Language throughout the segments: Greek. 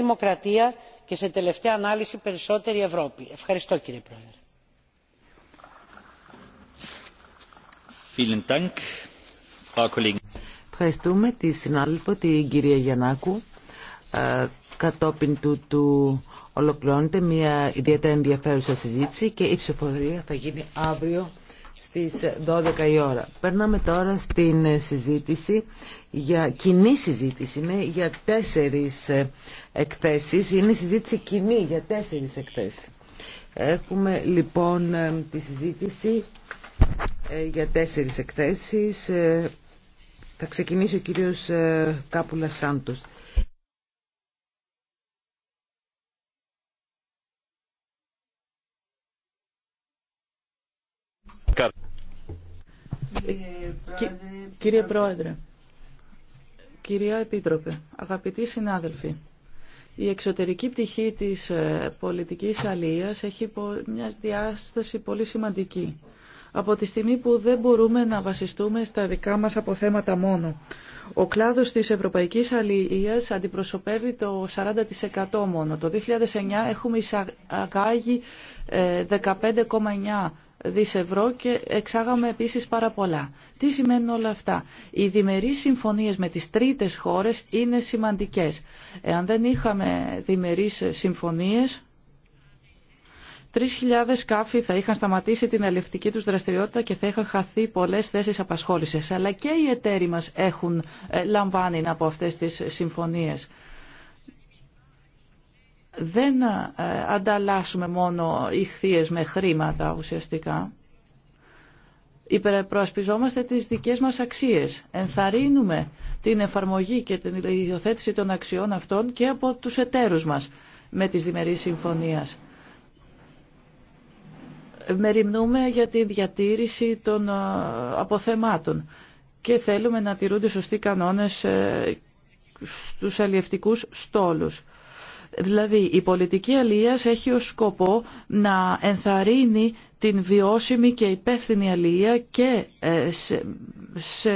δημοκρατία και σε τελευταία ανάλυση περισσότερη ευρώπη. ευχαριστώ κύριε πρόεδρε. Ευχαριστούμε τη συνάδελφο την κυρία Γιαννάκου. Ε, κατόπιν του, του ολοκληρώνεται μια ιδιαίτερα ενδιαφέρουσα συζήτηση και η ψηφοφορία θα γίνει αύριο στις 12 η ώρα. Περνάμε τώρα στην ε, συζήτηση, για, κοινή συζήτηση ναι, για τέσσερις ε, εκθέσεις. Είναι συζήτηση κοινή για τέσσερις εκθέσεις. Έχουμε λοιπόν ε, τη συζήτηση για τέσσερις εκθέσεις. Θα ξεκινήσει ο κύριος Κάπουλα Σάντος. Κύριε Πρόεδρε, κυρία Επίτροπε, αγαπητοί συνάδελφοι, η εξωτερική πτυχή της ε, πολιτικής αλίας έχει μια διάσταση πολύ σημαντική. Από τη στιγμή που δεν μπορούμε να βασιστούμε στα δικά μας αποθέματα μόνο. Ο κλάδος της Ευρωπαϊκής Αλληλείας αντιπροσωπεύει το 40% μόνο. Το 2009 έχουμε εισαγάγει 15,9 ε, δις ευρώ και εξάγαμε επίσης πάρα πολλά. Τι σημαίνουν όλα αυτά. Οι διμερείς συμφωνίες με τις τρίτες χώρες είναι σημαντικές. Εάν δεν είχαμε διμερείς συμφωνίες, 3.000 σκάφοι θα είχαν σταματήσει την αλληλευτική τους δραστηριότητα και θα είχαν χαθεί πολλές θέσεις απασχόλησης. Αλλά και οι εταίροι μας έχουν ε, λαμβάνει από αυτές τις συμφωνίες δεν ε, ανταλλάσσουμε μόνο ηχθείες με χρήματα ουσιαστικά. Υπερπροασπιζόμαστε τις δικές μας αξίες. Ενθαρρύνουμε την εφαρμογή και την ιδιοθέτηση των αξιών αυτών και από τους εταίρους μας με τις διμερείς συμφωνίες. Μεριμνούμε για τη διατήρηση των ε, αποθεμάτων και θέλουμε να τηρούνται σωστοί κανόνες ε, στους αλλιευτικούς στόλους. Δηλαδή, η πολιτική αλίας έχει ως σκοπό να ενθαρρύνει την βιώσιμη και υπεύθυνη αλληλεία και ε, σε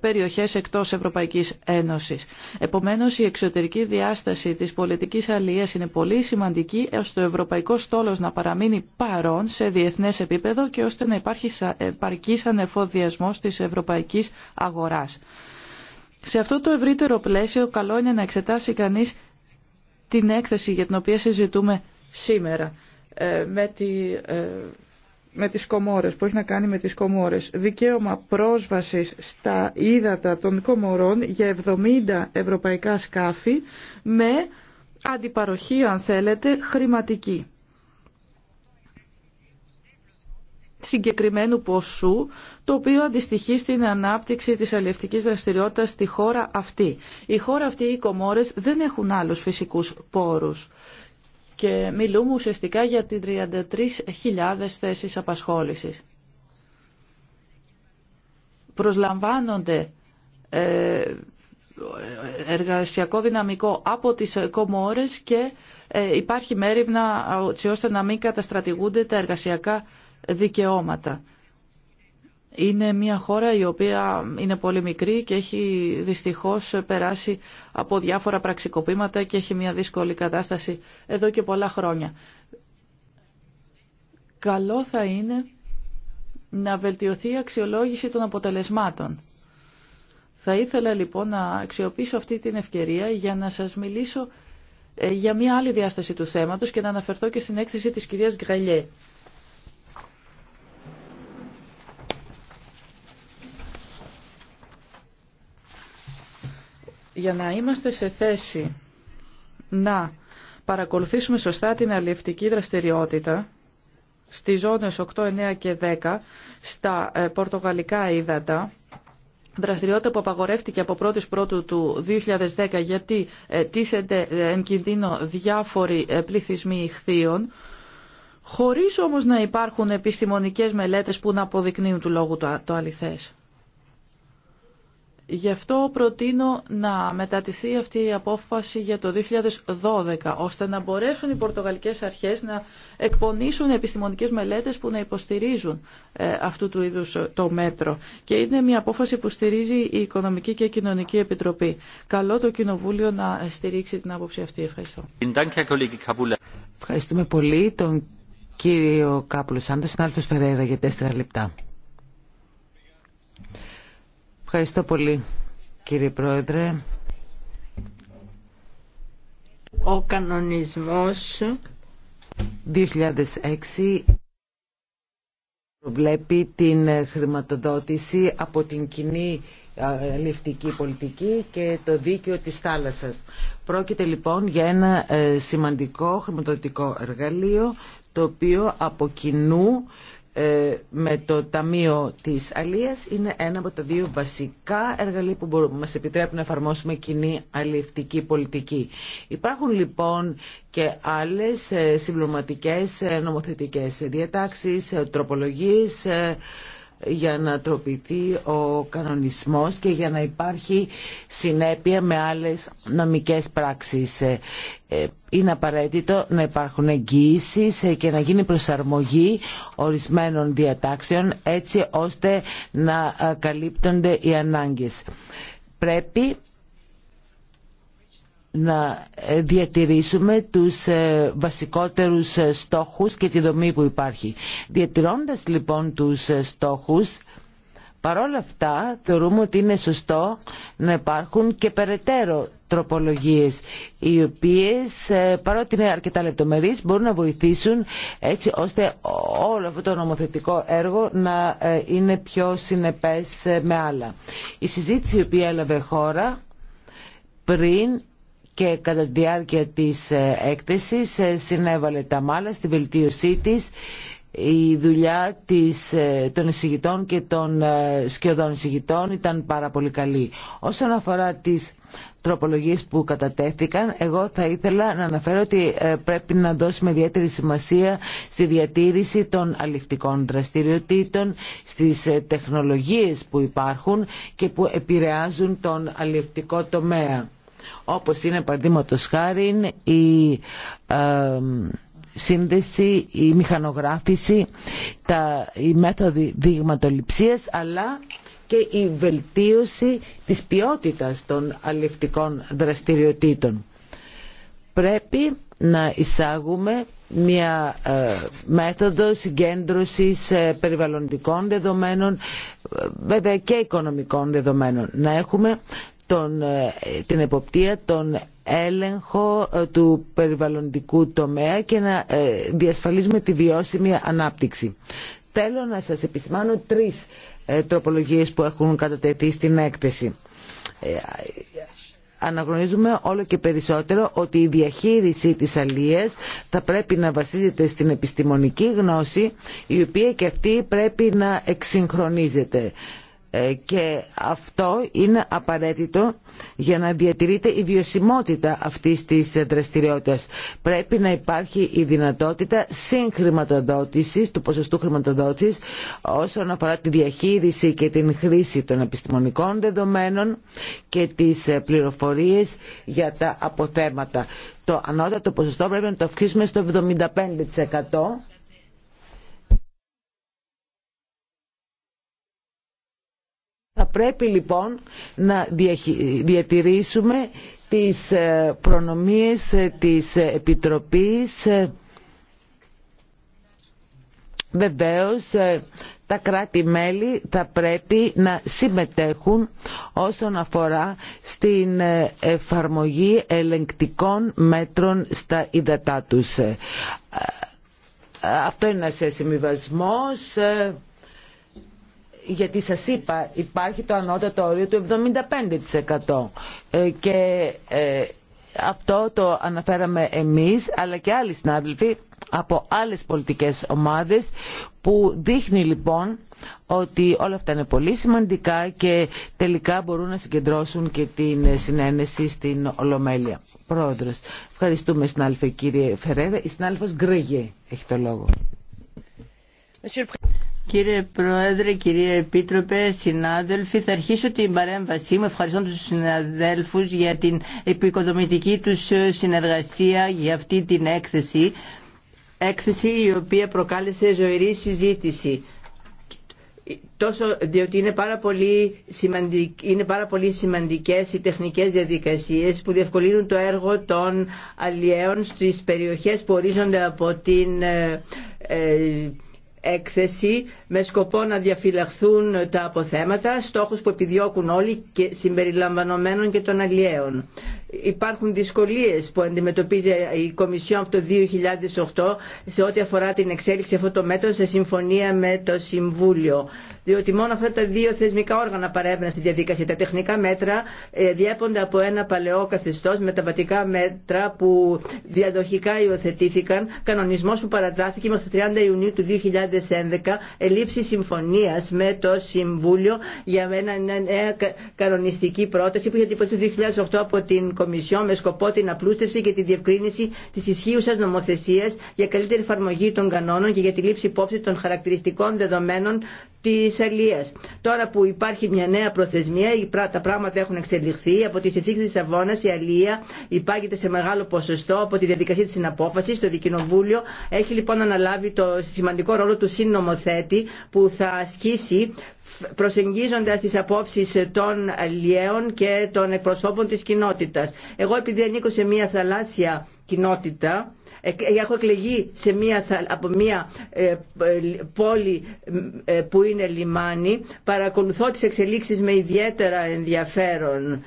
περιοχές εκτός Ευρωπαϊκής Ένωσης. Επομένως, η εξωτερική διάσταση της πολιτικής αλίας είναι πολύ σημαντική ώστε ο ευρωπαϊκός στόλος να παραμείνει παρόν σε διεθνές επίπεδο και ώστε να υπάρχει παρκής ανεφοδιασμός της ευρωπαϊκής αγοράς. Σε αυτό το ευρύτερο πλαίσιο καλό είναι να εξετάσει κανείς την έκθεση για την οποία συζητούμε σήμερα ε, με, τη, ε, με τις κομόρες, που έχει να κάνει με τις κομόρες. Δικαίωμα πρόσβασης στα ύδατα των κομορών για 70 ευρωπαϊκά σκάφη με αντιπαροχή, αν θέλετε, χρηματική. συγκεκριμένου ποσού, το οποίο αντιστοιχεί στην ανάπτυξη της αλληλευτικής δραστηριότητας στη χώρα αυτή. Η χώρα αυτή, οι Κομόρες, δεν έχουν άλλους φυσικούς πόρους και μιλούμε ουσιαστικά για τις 33.000 θέσεις απασχόλησης. Προσλαμβάνονται ε, εργασιακό δυναμικό από τις Κομόρες και ε, υπάρχει μέρη ε, ώστε να μην καταστρατηγούνται τα εργασιακά δικαιώματα. Είναι μια χώρα η οποία είναι πολύ μικρή και έχει δυστυχώς περάσει από διάφορα πραξικοπήματα και έχει μια δύσκολη κατάσταση εδώ και πολλά χρόνια. Καλό θα είναι να βελτιωθεί η αξιολόγηση των αποτελεσμάτων. Θα ήθελα λοιπόν να αξιοποιήσω αυτή την ευκαιρία για να σας μιλήσω ε, για μια άλλη διάσταση του θέματος και να αναφερθώ και στην έκθεση της κυρίας Γκαλιέ. για να είμαστε σε θέση να παρακολουθήσουμε σωστά την αλληλευτική δραστηριότητα στις ζώνες 8, 9 και 10 στα ε, πορτογαλικά ύδατα δραστηριότητα που απαγορεύτηκε από 1η Πρώτου του 2010 γιατί ε, τίθενται ε, εν κινδύνο διάφοροι πληθυσμοί ηχθείων χωρίς όμως να υπάρχουν επιστημονικές μελέτες που να αποδεικνύουν του λόγου το αληθές. Γι' αυτό προτείνω να μετατηθεί αυτή η απόφαση για το 2012, ώστε να μπορέσουν οι πορτογαλικές αρχές να εκπονήσουν επιστημονικές μελέτες που να υποστηρίζουν ε, αυτού του είδους ε, το μέτρο. Και είναι μια απόφαση που στηρίζει η Οικονομική και Κοινωνική Επιτροπή. Καλό το Κοινοβούλιο να στηρίξει την άποψη αυτή. Ευχαριστώ. Ευχαριστούμε πολύ τον κύριο για τέσσερα λεπτά. Ευχαριστώ πολύ κύριε Πρόεδρε. Ο κανονισμός 2006 βλέπει την χρηματοδότηση από την κοινή ληφτική πολιτική και το δίκαιο της θάλασσας. Πρόκειται λοιπόν για ένα ε, σημαντικό χρηματοδοτικό εργαλείο το οποίο από κοινού ε, με το Ταμείο της Αλίας είναι ένα από τα δύο βασικά εργαλεία που μπορούμε, μας επιτρέπουν να εφαρμόσουμε κοινή αλληλευτική πολιτική. Υπάρχουν λοιπόν και άλλες ε, συμπληρωματικές ε, νομοθετικές διατάξεις, τροπολογίες, για να τροπηθεί ο κανονισμός και για να υπάρχει συνέπεια με άλλες νομικές πράξεις. Ε, ε, είναι απαραίτητο να υπάρχουν εγγύησει ε, και να γίνει προσαρμογή ορισμένων διατάξεων έτσι ώστε να καλύπτονται οι ανάγκες. Πρέπει να διατηρήσουμε τους ε, βασικότερους ε, στόχους και τη δομή που υπάρχει. Διατηρώντας λοιπόν τους ε, στόχους, παρόλα αυτά θεωρούμε ότι είναι σωστό να υπάρχουν και περαιτέρω τροπολογίες οι οποίες παρότι είναι αρκετά λεπτομερείς μπορούν να βοηθήσουν έτσι ώστε όλο αυτό το νομοθετικό έργο να είναι πιο συνεπές με άλλα. Η συζήτηση η οποία έλαβε χώρα πριν και κατά τη διάρκεια της ε, έκθεσης ε, συνέβαλε τα μάλα στη βελτίωσή της η δουλειά της, ε, των εισηγητών και των σκιωδών εισηγητών ήταν πάρα πολύ καλή. Όσον αφορά τις τροπολογίες που κατατέθηκαν, εγώ θα ήθελα να αναφέρω ότι πρέπει να δώσουμε ιδιαίτερη σημασία στη διατήρηση των αληφτικών δραστηριοτήτων, στις τεχνολογίες που υπάρχουν και που επηρεάζουν τον αληφτικό τομέα όπως είναι παραδείγματος χάρη η σύνδεση, η μηχανογράφηση, τα, η μέθοδοι δειγματοληψίας αλλά και η βελτίωση της ποιότητας των αλληλευτικών δραστηριοτήτων. Πρέπει να εισάγουμε μια ε, μέθοδο συγκέντρωσης ε, περιβαλλοντικών δεδομένων, ε, βέβαια και οικονομικών δεδομένων. Να έχουμε τον, ε, την εποπτεία, τον έλεγχο ε, του περιβαλλοντικού τομέα και να ε, διασφαλίζουμε τη βιώσιμη ανάπτυξη. Θέλω να σας επισημάνω τρεις τροπολογίες που έχουν κατατεθεί στην έκθεση. Αναγνωρίζουμε όλο και περισσότερο ότι η διαχείριση της αλίας θα πρέπει να βασίζεται στην επιστημονική γνώση η οποία και αυτή πρέπει να εξυγχρονίζεται. Ε, και αυτό είναι απαραίτητο για να διατηρείται η βιωσιμότητα αυτής της δραστηριότητας. Πρέπει να υπάρχει η δυνατότητα συγχρηματοδότησης, του ποσοστού χρηματοδότησης όσον αφορά τη διαχείριση και την χρήση των επιστημονικών δεδομένων και τις ε, πληροφορίες για τα αποθέματα. Το ανώτατο ποσοστό πρέπει να το αυξήσουμε στο 75% Θα πρέπει λοιπόν να διατηρήσουμε τις ε, προνομίες ε, της Επιτροπής. Ε, βεβαίως τα κράτη-μέλη θα πρέπει να συμμετέχουν όσον αφορά στην εφαρμογή ελεγκτικών μέτρων στα υδατά τους. Αυτό είναι ένας συμβιβασμός γιατί σας είπα υπάρχει το ανώτατο όριο του 75% ε, και ε, αυτό το αναφέραμε εμείς αλλά και άλλοι συνάδελφοι από άλλες πολιτικές ομάδες που δείχνει λοιπόν ότι όλα αυτά είναι πολύ σημαντικά και τελικά μπορούν να συγκεντρώσουν και την συνένεση στην Ολομέλεια. Πρόεδρος, ευχαριστούμε συνάδελφε κύριε Φερέρα. Η συνάδελφος Γκρίγε έχει το λόγο. Κύριε Πρόεδρε, κυρία Επίτροπε, συνάδελφοι, θα αρχίσω την παρέμβασή μου ευχαριστώ τους συναδέλφους για την επικοδομητική τους συνεργασία για αυτή την έκθεση, έκθεση η οποία προκάλεσε ζωηρή συζήτηση. Τόσο, διότι είναι πάρα, πολύ σημαντικ, είναι πάρα πολύ σημαντικές οι τεχνικές διαδικασίες που διευκολύνουν το έργο των αλλιέων στις περιοχές που ορίζονται από την ε, ε, έκθεση με σκοπό να διαφυλαχθούν τα αποθέματα, στόχους που επιδιώκουν όλοι και συμπεριλαμβανομένων και των αλλιέων. Υπάρχουν δυσκολίες που αντιμετωπίζει η Κομισιόν από το 2008 σε ό,τι αφορά την εξέλιξη αυτού το μέτρο σε συμφωνία με το Συμβούλιο διότι μόνο αυτά τα δύο θεσμικά όργανα παρέμβαιναν στη διαδικασία. Τα τεχνικά μέτρα ε, διέπονται από ένα παλαιό καθεστώ με τα βατικά μέτρα που διαδοχικά υιοθετήθηκαν, κανονισμό που παρατάθηκε μέχρι το 30 Ιουνίου του 2011, ελήψη συμφωνία με το Συμβούλιο για μια νέα κανονιστική πρόταση που είχε τυπωθεί το 2008 από την Κομισιό με σκοπό την απλούστευση και τη διευκρίνηση τη ισχύουσα νομοθεσία για καλύτερη εφαρμογή των κανόνων και για τη λήψη υπόψη των χαρακτηριστικών δεδομένων Τη Αλία. Τώρα που υπάρχει μια νέα προθεσμία, τα πράγματα έχουν εξελιχθεί. Από τη συνθήκη τη Αβώνα, η Αλία υπάγεται σε μεγάλο ποσοστό από τη διαδικασία τη συναπόφαση Το Δικοινοβούλιο έχει λοιπόν αναλάβει το σημαντικό ρόλο του συνομοθέτη που θα ασκήσει προσεγγίζοντα τι απόψει των αλλιέων και των εκπροσώπων τη κοινότητα. Εγώ επειδή ανήκω σε μια θαλάσσια κοινότητα, ε, έχω εκλεγεί σε μια, από μια ε, ε, πόλη που είναι λιμάνι, παρακολουθώ τις εξελίξεις με ιδιαίτερα ενδιαφέρον.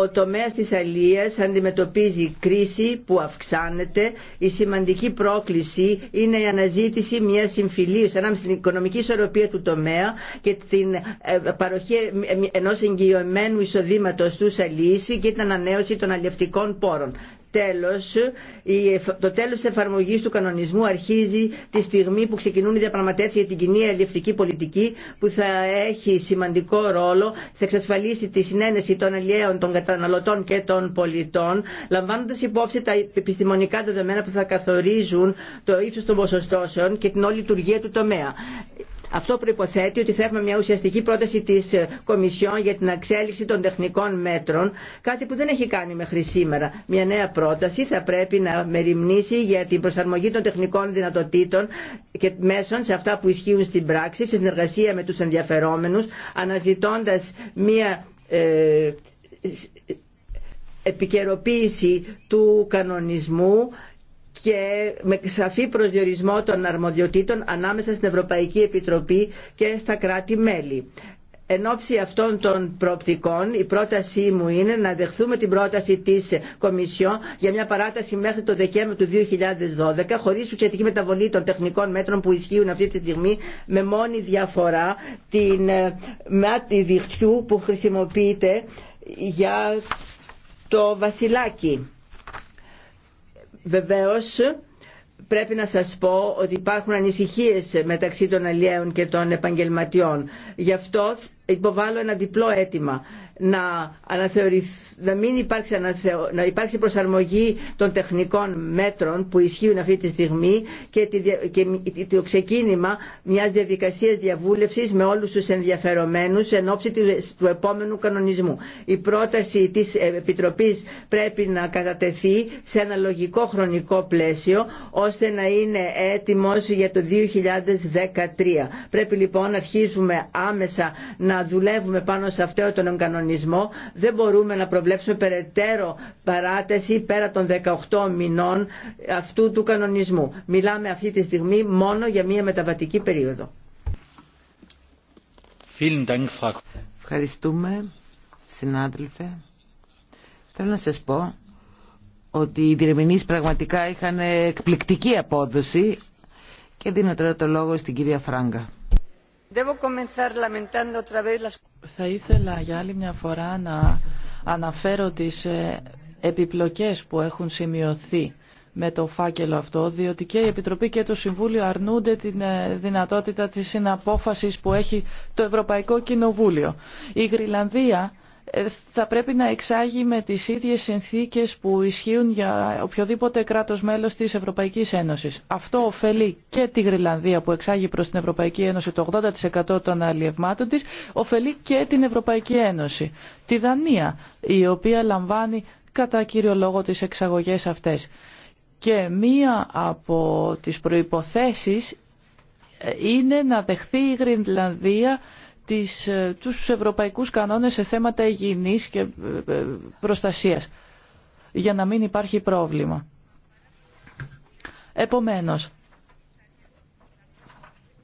ο τομέας της αλίας αντιμετωπίζει κρίση που αυξάνεται. Η σημαντική πρόκληση είναι η αναζήτηση μιας συμφιλίου ανάμεσα στην οικονομική ισορροπία του τομέα και την ε, παροχή ε, ενός εγγυημένου εισοδήματος στους αλίες και την ανανέωση των αλληλευτικών πόρων. Τέλος, το τέλος της εφαρμογής του κανονισμού αρχίζει τη στιγμή που ξεκινούν οι διαπραγματεύσεις για την κοινή αλληλευτική πολιτική που θα έχει σημαντικό ρόλο, θα εξασφαλίσει τη συνένεση των αλλιέων, των καταναλωτών και των πολιτών, λαμβάνοντας υπόψη τα επιστημονικά δεδομένα που θα καθορίζουν το ύψος των ποσοστώσεων και την όλη λειτουργία του τομέα. Αυτό προποθέτει ότι θα έχουμε μια ουσιαστική πρόταση της ε, Κομισιόν για την αξέλιξη των τεχνικών μέτρων, κάτι που δεν έχει κάνει μέχρι σήμερα. Μια νέα πρόταση θα πρέπει να μεριμνήσει για την προσαρμογή των τεχνικών δυνατοτήτων και μέσων σε αυτά που ισχύουν στην πράξη, σε συνεργασία με τους ενδιαφερόμενου αναζητώντα μια ε, επικαιροποίηση του κανονισμού και με σαφή προσδιορισμό των αρμοδιοτήτων ανάμεσα στην Ευρωπαϊκή Επιτροπή και στα κράτη-μέλη. Εν ώψη αυτών των προοπτικών, η πρότασή μου είναι να δεχθούμε την πρόταση της Κομισιόν για μια παράταση μέχρι το Δεκέμβριο του 2012, χωρίς ουσιαστική μεταβολή των τεχνικών μέτρων που ισχύουν αυτή τη στιγμή, με μόνη διαφορά την ε, μάτι δικτυού που χρησιμοποιείται για το βασιλάκι. Βεβαίως πρέπει να σας πω ότι υπάρχουν ανησυχίες μεταξύ των αλλιέων και των επαγγελματιών. Γι' αυτό υποβάλλω ένα διπλό αίτημα να, να μην υπάρξει, προσαρμογή των τεχνικών μέτρων που ισχύουν αυτή τη στιγμή και, τη... και το ξεκίνημα μιας διαδικασίας διαβούλευσης με όλους τους ενδιαφερομένους εν ώψη του επόμενου κανονισμού. Η πρόταση της Επιτροπής πρέπει να κατατεθεί σε ένα λογικό χρονικό πλαίσιο ώστε να είναι έτοιμος για το 2013. Πρέπει λοιπόν να αρχίσουμε άμεσα να δουλεύουμε πάνω σε αυτό τον κανονισμό δεν μπορούμε να προβλέψουμε περαιτέρω παράταση πέρα των 18 μηνών αυτού του κανονισμού. Μιλάμε αυτή τη στιγμή μόνο για μια μεταβατική περίοδο. Ευχαριστούμε, συνάδελφε. Θέλω να σας πω ότι οι διερμηνείς πραγματικά είχαν εκπληκτική απόδοση και δίνω τώρα το λόγο στην κυρία Φράγκα. Θα ήθελα για άλλη μια φορά να αναφέρω τις ε, επιπλοκές που έχουν σημειωθεί με το φάκελο αυτό, διότι και η Επιτροπή και το Συμβούλιο αρνούνται τη ε, δυνατότητα της συναπόφασης που έχει το Ευρωπαϊκό Κοινοβούλιο. Η Γρυλανδία θα πρέπει να εξάγει με τις ίδιες συνθήκες που ισχύουν για οποιοδήποτε κράτος μέλος της Ευρωπαϊκής Ένωσης. Αυτό ωφελεί και τη Γρυλανδία που εξάγει προς την Ευρωπαϊκή Ένωση το 80% των αλλιευμάτων της, ωφελεί και την Ευρωπαϊκή Ένωση. Τη Δανία, η οποία λαμβάνει κατά κύριο λόγο τις εξαγωγές αυτές. Και μία από τις προϋποθέσεις ε, είναι να δεχθεί η Γρυλανδία τις, ε, τους ευρωπαϊκούς κανόνες σε θέματα υγιεινής και ε, ε, προστασίας για να μην υπάρχει πρόβλημα. Επομένως,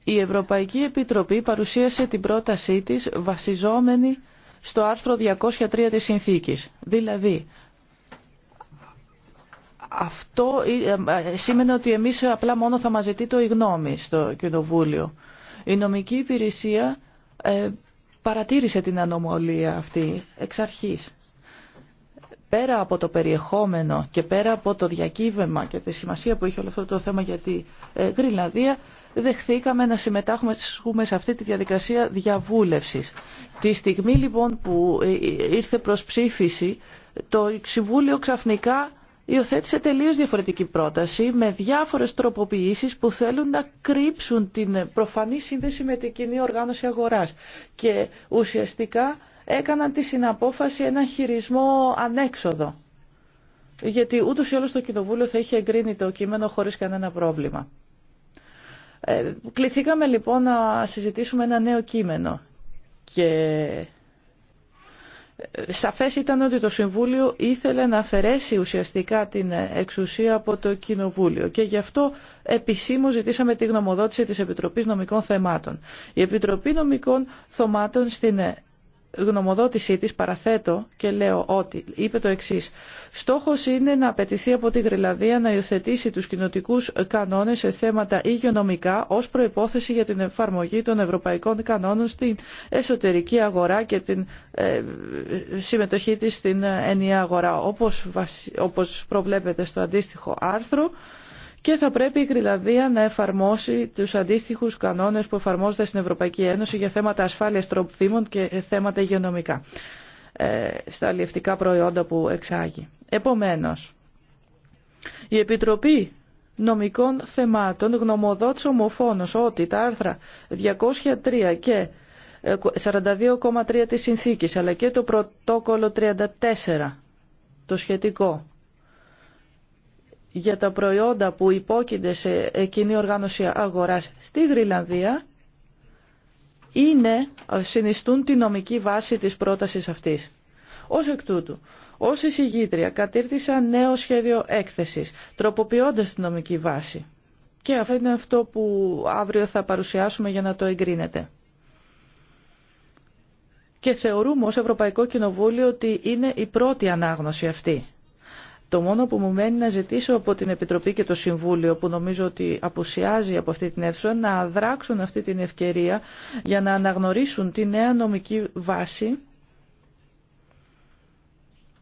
η Ευρωπαϊκή Επιτροπή παρουσίασε την πρότασή της βασιζόμενη στο άρθρο 203 της Συνθήκης. Δηλαδή, αυτό σήμαινε ότι εμείς απλά μόνο θα μας ζητεί το υγνώμη γνώμη στο Κοινοβούλιο. Η νομική υπηρεσία ε, παρατήρησε την ανομολία αυτή εξ αρχής. Πέρα από το περιεχόμενο και πέρα από το διακύβευμα και τη σημασία που είχε όλο αυτό το θέμα για τη ε, γριλαδία, δεχθήκαμε να συμμετάχουμε σε αυτή τη διαδικασία διαβούλευσης. Τη στιγμή λοιπόν που ε, ήρθε προς ψήφιση, το Συμβούλιο ξαφνικά υιοθέτησε τελείως διαφορετική πρόταση με διάφορες τροποποιήσεις που θέλουν να κρύψουν την προφανή σύνδεση με την κοινή οργάνωση αγορά. και ουσιαστικά έκαναν τη συναπόφαση ένα χειρισμό ανέξοδο. Γιατί ούτω ή το Κοινοβούλιο θα είχε εγκρίνει το κείμενο χωρίς κανένα πρόβλημα. Ε, κληθήκαμε λοιπόν να συζητήσουμε ένα νέο κείμενο και Σαφές ήταν ότι το Συμβούλιο ήθελε να αφαιρέσει ουσιαστικά την εξουσία από το Κοινοβούλιο και γι' αυτό επισήμως ζητήσαμε τη γνωμοδότηση της Επιτροπής Νομικών Θεμάτων. Η Επιτροπή Νομικών Θεμάτων στην γνωμοδότησή της παραθέτω και λέω ότι είπε το εξής «Στόχος είναι να απαιτηθεί από τη Γρυλανδία να υιοθετήσει τους κοινοτικού κανόνες σε θέματα υγειονομικά ως προϋπόθεση για την εφαρμογή των ευρωπαϊκών κανόνων στην εσωτερική αγορά και την ε, συμμετοχή της στην ενιαία αγορά όπως, όπως προβλέπεται στο αντίστοιχο άρθρο» και θα πρέπει η Γρυλανδία να εφαρμόσει τους αντίστοιχους κανόνες που εφαρμόζονται στην Ευρωπαϊκή Ένωση για θέματα ασφάλειας τροφίμων και θέματα υγειονομικά ε, στα αλλιευτικά προϊόντα που εξάγει. Επομένως, η Επιτροπή Νομικών Θεμάτων γνωμοδότησε ομοφόνος ότι τα άρθρα 203 και 42,3 ε, της συνθήκης αλλά και το πρωτόκολλο 34 το σχετικό για τα προϊόντα που υπόκεινται σε κοινή οργάνωση αγοράς στη Γρυλανδία είναι, ε, συνιστούν τη νομική βάση της πρότασης αυτής. Ως εκ τούτου, ως εισηγήτρια κατήρτισα νέο σχέδιο έκθεσης, τροποποιώντας τη νομική βάση. Και αυτό είναι αυτό που αύριο θα παρουσιάσουμε για να το εγκρίνετε. Και θεωρούμε ως Ευρωπαϊκό Κοινοβούλιο ότι είναι η πρώτη ανάγνωση αυτή το μόνο που μου μένει να ζητήσω από την Επιτροπή και το Συμβούλιο που νομίζω ότι απουσιάζει από αυτή την αίθουσα να δράξουν αυτή την ευκαιρία για να αναγνωρίσουν τη νέα νομική βάση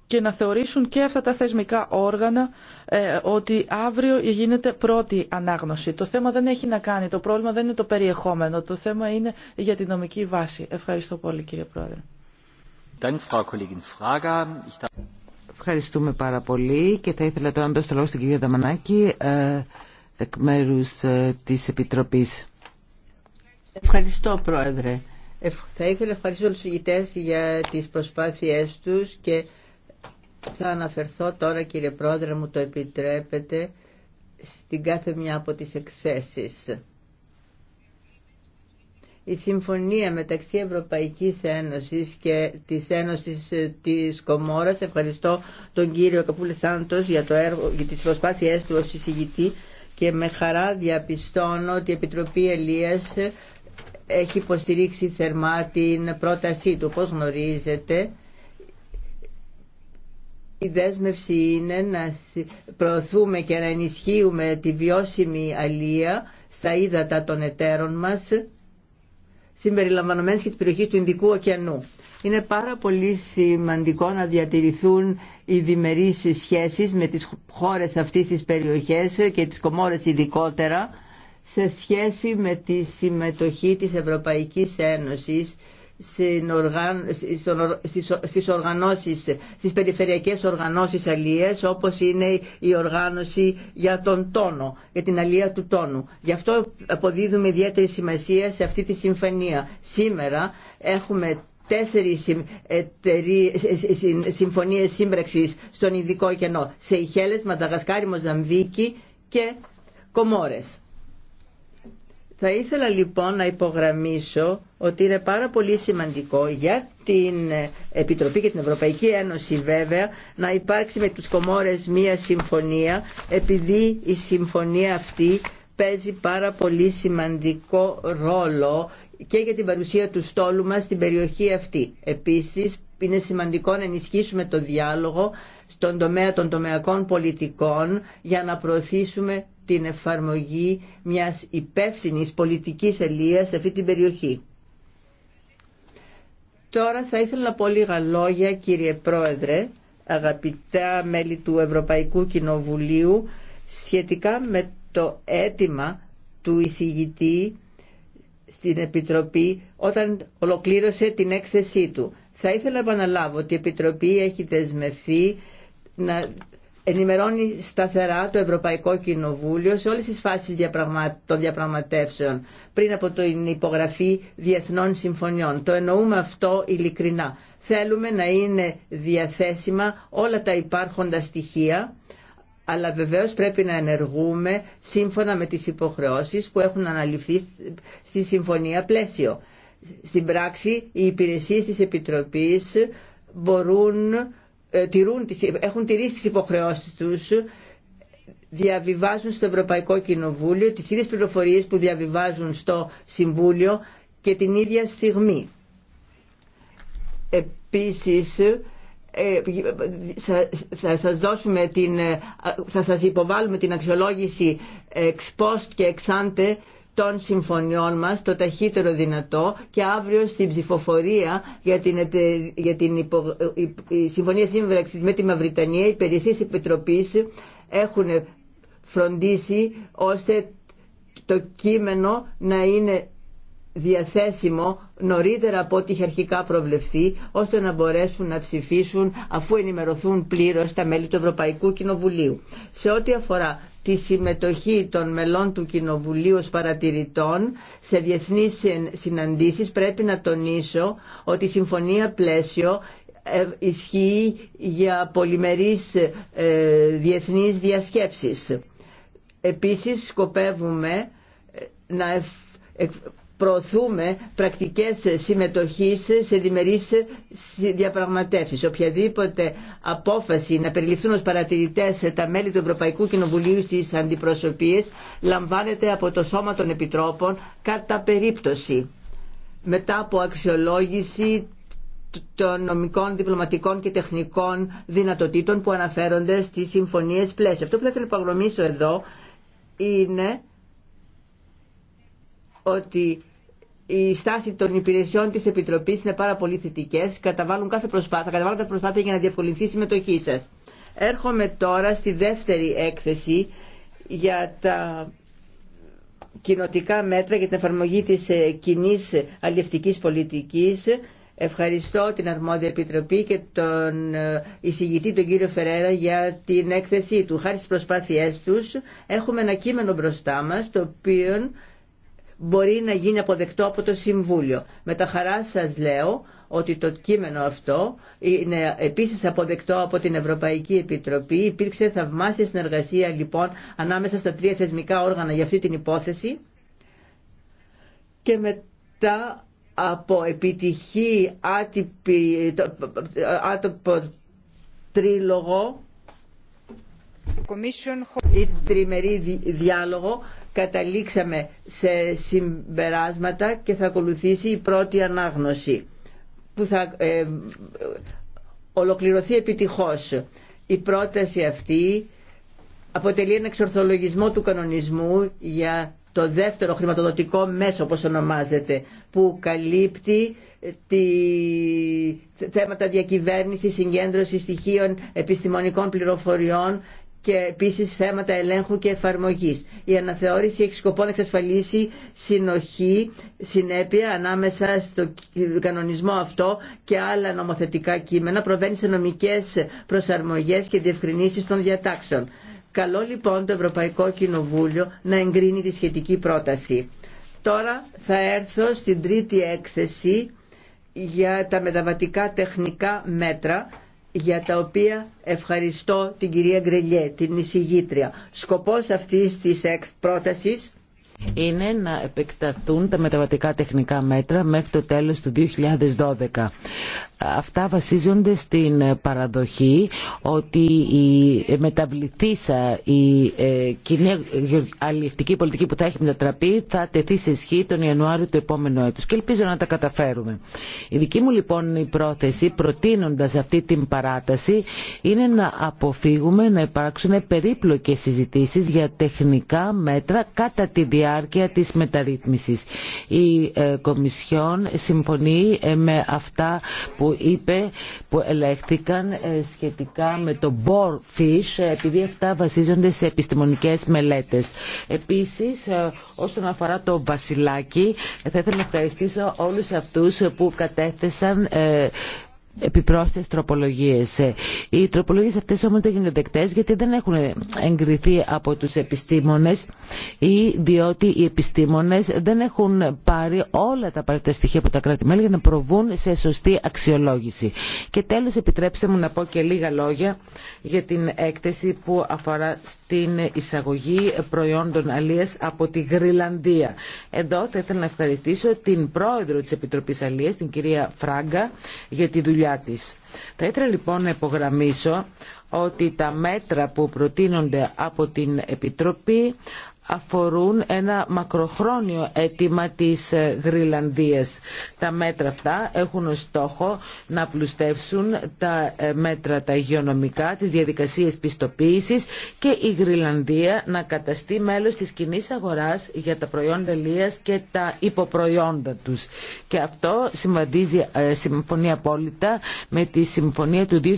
και να θεωρήσουν και αυτά τα θεσμικά όργανα ε, ότι αύριο γίνεται πρώτη ανάγνωση. Το θέμα δεν έχει να κάνει, το πρόβλημα δεν είναι το περιεχόμενο, το θέμα είναι για τη νομική βάση. Ευχαριστώ πολύ κύριε Πρόεδρε. Ευχαριστούμε πάρα πολύ και θα ήθελα τώρα να δώσω το λόγο στην κυρία Δαμανάκη ε, εκ μέρους ε, τη επιτροπή. Ευχαριστώ Πρόεδρε. Θα ήθελα να ευχαριστήσω τους ηγητές για τις προσπάθειές τους και θα αναφερθώ τώρα κύριε Πρόεδρε μου το επιτρέπετε στην κάθε μια από τις εκθέσει η συμφωνία μεταξύ Ευρωπαϊκής Ένωσης και της Ένωσης ε, της Κομόρας. Ευχαριστώ τον κύριο Καπούλη Σάντος για, το έργο, για τις προσπάθειές του ως και με χαρά διαπιστώνω ότι η Επιτροπή Ελίας έχει υποστηρίξει θερμά την πρότασή του. Πώς γνωρίζετε, η δέσμευση είναι να προωθούμε και να ενισχύουμε τη βιώσιμη αλία στα ύδατα των εταίρων μας συμπεριλαμβανομένε και της περιοχής του Ινδικού ωκεανού. Είναι πάρα πολύ σημαντικό να διατηρηθούν οι διμερείς σχέσεις με τις χώρες αυτής της περιοχής και τις κομόρες ειδικότερα σε σχέση με τη συμμετοχή της Ευρωπαϊκής Ένωσης στις, οργανώσεις, στις περιφερειακές οργανώσεις αλίες όπως είναι η οργάνωση για τον τόνο, για την αλία του τόνου. Γι' αυτό αποδίδουμε ιδιαίτερη σημασία σε αυτή τη συμφωνία. Σήμερα έχουμε τέσσερις συμφωνίες σύμπραξης στον ειδικό κενό. Σε Ιχέλες, Ματαγασκάρι, Μοζαμβίκη και Κομόρες. Θα ήθελα λοιπόν να υπογραμμίσω ότι είναι πάρα πολύ σημαντικό για την Επιτροπή και την Ευρωπαϊκή Ένωση βέβαια να υπάρξει με τους Κομόρες μία συμφωνία επειδή η συμφωνία αυτή παίζει πάρα πολύ σημαντικό ρόλο και για την παρουσία του στόλου μας στην περιοχή αυτή. Επίσης είναι σημαντικό να ενισχύσουμε το διάλογο στον τομέα των τομεακών πολιτικών για να προωθήσουμε την εφαρμογή μιας υπεύθυνης πολιτικής ελίας σε αυτή την περιοχή. Τώρα θα ήθελα να πω λίγα λόγια, κύριε Πρόεδρε, αγαπητά μέλη του Ευρωπαϊκού Κοινοβουλίου, σχετικά με το αίτημα του εισηγητή στην Επιτροπή όταν ολοκλήρωσε την έκθεσή του. Θα ήθελα να επαναλάβω ότι η Επιτροπή έχει δεσμευθεί να ενημερώνει σταθερά το Ευρωπαϊκό Κοινοβούλιο σε όλες τις φάσεις των διαπραγματεύσεων πριν από την υπογραφή διεθνών συμφωνιών. Το εννοούμε αυτό ειλικρινά. Θέλουμε να είναι διαθέσιμα όλα τα υπάρχοντα στοιχεία αλλά βεβαίως πρέπει να ενεργούμε σύμφωνα με τις υποχρεώσεις που έχουν αναλυφθεί στη Συμφωνία Πλαίσιο. Στην πράξη, οι υπηρεσίες της Επιτροπής μπορούν ε, τηρούν, έχουν τηρήσει τις υποχρεώσεις τους διαβιβάζουν στο Ευρωπαϊκό Κοινοβούλιο τις ίδιες πληροφορίες που διαβιβάζουν στο Συμβούλιο και την ίδια στιγμή. Επίσης, ε, θα σας, δώσουμε την, ε, θα σας υποβάλουμε την αξιολόγηση post και ante των συμφωνιών μας το ταχύτερο δυνατό και αύριο στην ψηφοφορία για την, για την συμφωνία σύμβραξης με τη Μαυριτανία οι περιοχές επιτροπής έχουν φροντίσει ώστε το κείμενο να είναι διαθέσιμο νωρίτερα από ό,τι είχε αρχικά προβλεφθεί, ώστε να μπορέσουν να ψηφίσουν αφού ενημερωθούν πλήρως τα μέλη του Ευρωπαϊκού Κοινοβουλίου. Σε ό,τι αφορά τη συμμετοχή των μελών του Κοινοβουλίου ως παρατηρητών σε διεθνείς συναντήσεις, πρέπει να τονίσω ότι η Συμφωνία Πλαίσιο ε, ισχύει για πολυμερείς ε, διεθνείς διασκέψεις. Επίσης, σκοπεύουμε ε, να προωθούμε πρακτικές συμμετοχής σε διμερείς διαπραγματεύσεις. Οποιαδήποτε απόφαση να περιληφθούν ως παρατηρητές τα μέλη του Ευρωπαϊκού Κοινοβουλίου στις αντιπροσωπείες λαμβάνεται από το Σώμα των Επιτρόπων κατά περίπτωση μετά από αξιολόγηση των νομικών, διπλωματικών και τεχνικών δυνατοτήτων που αναφέρονται στις συμφωνίες πλαίσια. Αυτό που θα ήθελα να εδώ είναι ότι η στάση των υπηρεσιών της Επιτροπής είναι πάρα πολύ θετικές. Καταβάλουν κάθε προσπάθεια, καταβάλουν κάθε προσπάθεια για να διευκολυνθεί η συμμετοχή σας. Έρχομαι τώρα στη δεύτερη έκθεση για τα κοινοτικά μέτρα για την εφαρμογή της ε, κοινή αλληλευτικής πολιτικής. Ευχαριστώ την Αρμόδια Επιτροπή και τον ε, εισηγητή τον κύριο Φερέρα για την έκθεσή του. Χάρη στις προσπάθειές τους έχουμε ένα κείμενο μπροστά μας το οποίο μπορεί να γίνει αποδεκτό από το Συμβούλιο. Με τα χαρά σας λέω ότι το κείμενο αυτό είναι επίσης αποδεκτό από την Ευρωπαϊκή Επιτροπή. Υπήρξε θαυμάσια συνεργασία λοιπόν ανάμεσα στα τρία θεσμικά όργανα για αυτή την υπόθεση και μετά από επιτυχή άτυπη, τρίλογο ή τριμερή διάλογο καταλήξαμε σε συμπεράσματα και θα ακολουθήσει η πρώτη ανάγνωση που θα ε, ολοκληρωθεί επιτυχώς. Η πρόταση αυτή αποτελεί ένα εξορθολογισμό του κανονισμού για το δεύτερο χρηματοδοτικό μέσο, όπως ονομάζεται, που καλύπτει ε, τη... θέματα διακυβέρνησης, συγκέντρωση στοιχείων, επιστημονικών πληροφοριών, και επίσης θέματα ελέγχου και εφαρμογής. Η αναθεώρηση έχει σκοπό να εξασφαλίσει συνοχή, συνέπεια ανάμεσα στο κανονισμό αυτό και άλλα νομοθετικά κείμενα, προβαίνει σε νομικές προσαρμογές και διευκρινήσεις των διατάξεων. Καλό λοιπόν το Ευρωπαϊκό Κοινοβούλιο να εγκρίνει τη σχετική πρόταση. Τώρα θα έρθω στην τρίτη έκθεση για τα μεταβατικά τεχνικά μέτρα για τα οποία ευχαριστώ την κυρία Γκρελιέ, την εισηγήτρια. Σκοπός αυτής της πρότασης είναι να επεκταθούν τα μεταβατικά τεχνικά μέτρα μέχρι το τέλος του 2012. Αυτά βασίζονται στην ε, παραδοχή ότι η ε, μεταβληθήσα, η ε, κοινή αλληλευτική πολιτική που θα έχει μετατραπεί θα τεθεί σε ισχύ τον Ιανουάριο του επόμενου έτους και ελπίζω να τα καταφέρουμε. Η δική μου λοιπόν η πρόθεση προτείνοντας αυτή την παράταση είναι να αποφύγουμε να υπάρξουν περίπλοκες συζητήσεις για τεχνικά μέτρα κατά τη διάρκεια της μεταρρύθμισης. Η Κομισιόν συμφωνεί με αυτά που είπε που ελέγχθηκαν ε, σχετικά με το bore fish ε, επειδή αυτά βασίζονται σε επιστημονικές μελέτες. Επίσης ε, όσον αφορά το βασιλάκι θα ήθελα να ευχαριστήσω όλους αυτούς που κατέθεσαν επιπρόσθετες τροπολογίες. Ε, οι τροπολογίες αυτές όμως δεν γίνονται δεκτές γιατί δεν έχουν εγκριθεί από τους επιστήμονες ή διότι οι επιστήμονες δεν έχουν πάρει όλα τα απαραίτητα στοιχεία από τα κράτη-μέλη για να προβούν σε σωστή αξιολόγηση. Και τέλος επιτρέψτε μου να πω και λίγα λόγια για την έκθεση που αφορά στην εισαγωγή προϊόντων αλίας από τη Γρυλανδία. Εδώ θα ήθελα να ευχαριστήσω την πρόεδρο της Επιτροπής Αλίας, την κυρία Φράγκα, για τη δουλειά δουλειά Θα ήθελα λοιπόν να υπογραμμίσω ότι τα μέτρα που προτείνονται από την Επιτροπή αφορούν ένα μακροχρόνιο αίτημα της ε, Γρυλανδίας. Τα μέτρα αυτά έχουν ως στόχο να πλουστεύσουν τα ε, μέτρα τα υγειονομικά, τις διαδικασίες πιστοποίησης και η Γρυλανδία να καταστεί μέλος της κοινή αγοράς για τα προϊόντα λίας και τα υποπροϊόντα τους. Και αυτό ε, συμφωνία απόλυτα με τη συμφωνία του 2006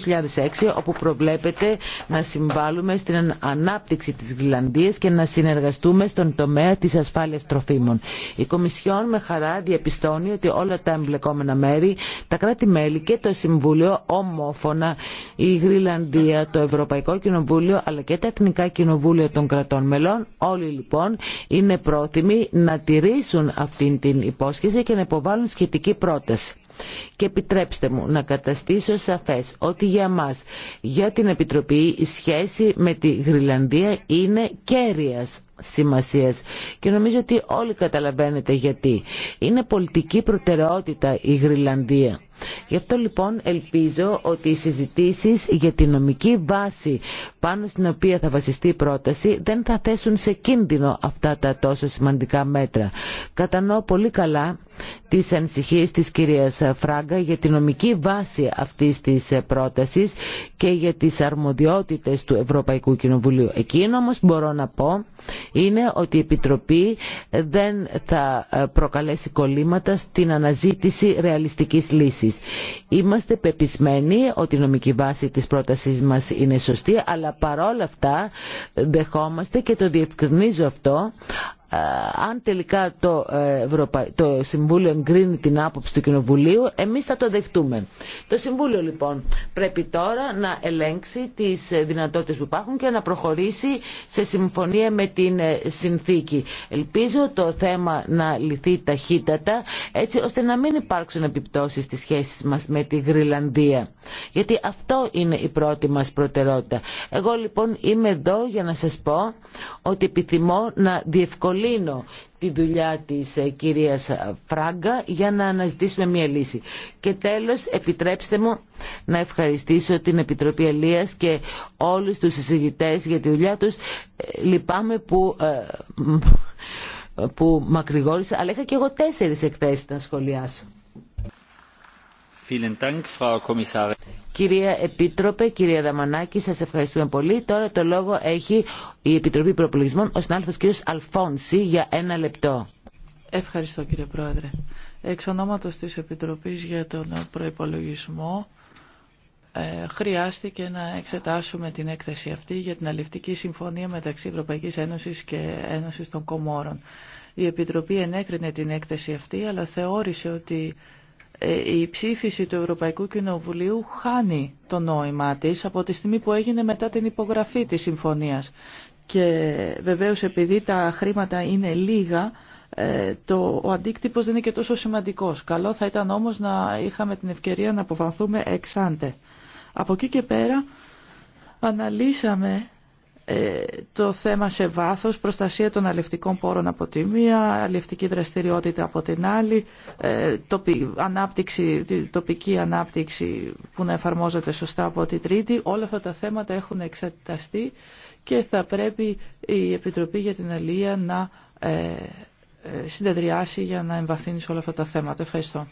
όπου προβλέπεται να συμβάλλουμε στην ανάπτυξη της Γρυλανδίας και να συνεργαστούμε συνεργαστούμε στον τομέα της ασφάλειας τροφίμων. Η Κομισιόν με χαρά διαπιστώνει ότι όλα τα εμπλεκόμενα μέρη, τα κράτη-μέλη και το Συμβούλιο ομόφωνα, η Γρυλανδία, το Ευρωπαϊκό Κοινοβούλιο αλλά και τα Εθνικά Κοινοβούλια των κρατών μελών, όλοι λοιπόν είναι πρόθυμοι να τηρήσουν αυτή την υπόσχεση και να υποβάλουν σχετική πρόταση. Και επιτρέψτε μου να καταστήσω σαφές ότι για μας, για την Επιτροπή, η σχέση με τη Γρυλανδία είναι κέρια σημασίας και νομίζω ότι όλοι καταλαβαίνετε γιατί. Είναι πολιτική προτεραιότητα η Γρυλανδία. Γι' αυτό λοιπόν ελπίζω ότι οι συζητήσεις για τη νομική βάση πάνω στην οποία θα βασιστεί η πρόταση δεν θα θέσουν σε κίνδυνο αυτά τα τόσο σημαντικά μέτρα. Κατανοώ πολύ καλά τις ανησυχίες της κυρίας Φράγκα για τη νομική βάση αυτής της πρότασης και για τις αρμοδιότητες του Ευρωπαϊκού Κοινοβουλίου. Εκείνο μπορώ να πω είναι ότι η Επιτροπή δεν θα ε, προκαλέσει κολλήματα στην αναζήτηση ρεαλιστικής λύσης. Είμαστε πεπισμένοι ότι η νομική βάση της πρότασής μας είναι σωστή, αλλά παρόλα αυτά δεχόμαστε και το διευκρινίζω αυτό ε, αν τελικά ε, το, Συμβούλιο εγκρίνει την άποψη του Κοινοβουλίου, εμείς θα το δεχτούμε. Το Συμβούλιο λοιπόν πρέπει τώρα να ελέγξει τις δυνατότητες που υπάρχουν και να προχωρήσει σε συμφωνία με την ε, συνθήκη. Ελπίζω το θέμα να λυθεί ταχύτατα έτσι ώστε να μην υπάρξουν επιπτώσεις στις σχέσεις μας με τη Γρυλανδία. Γιατί αυτό είναι η πρώτη μας προτεραιότητα. Εγώ λοιπόν είμαι εδώ για να σας πω ότι επιθυμώ να διευκολύνω κλείνω τη δουλειά της ε, κυρίας Φράγκα για να αναζητήσουμε μια λύση. Και τέλος επιτρέψτε μου να ευχαριστήσω την Επιτροπή Ελίας και όλους τους συζητητές για τη δουλειά τους. Ε, λυπάμαι που, ε, που μακρηγόρησα, αλλά είχα και εγώ τέσσερις εκθέσεις να σχολιάσω. Κυρία Επίτροπε, κυρία Δαμανάκη, σας ευχαριστούμε πολύ. Τώρα το λόγο έχει η Επιτροπή Προπολογισμών, ο συνάδελφος κύριος Αλφόνση, για ένα λεπτό. Ευχαριστώ κύριε Πρόεδρε. Εξ ονόματος της Επιτροπής για τον Προϋπολογισμό, ε, χρειάστηκε να εξετάσουμε την έκθεση αυτή για την αληφτική συμφωνία μεταξύ Ευρωπαϊκής Ένωσης και Ένωσης των Κομόρων. Η Επιτροπή ενέκρινε την έκθεση αυτή, αλλά θεώρησε ότι ε, η ψήφιση του Ευρωπαϊκού Κοινοβουλίου χάνει το νόημά της από τη στιγμή που έγινε μετά την υπογραφή της συμφωνίας. Και βεβαίως επειδή τα χρήματα είναι λίγα, ε, το, ο αντίκτυπος δεν είναι και τόσο σημαντικός. Καλό θα ήταν όμως να είχαμε την ευκαιρία να αποφανθούμε εξάντε. Από εκεί και πέρα αναλύσαμε ε, το θέμα σε βάθος, προστασία των αλευτικών πόρων από τη μία, αλευτική δραστηριότητα από την άλλη, ε, τοπι, ανάπτυξη, τοπική ανάπτυξη που να εφαρμόζεται σωστά από τη τρίτη. Όλα αυτά τα θέματα έχουν εξεταστεί και θα πρέπει η Επιτροπή για την Αλία να ε, ε για να εμβαθύνει σε όλα αυτά τα θέματα. Ευχαριστώ.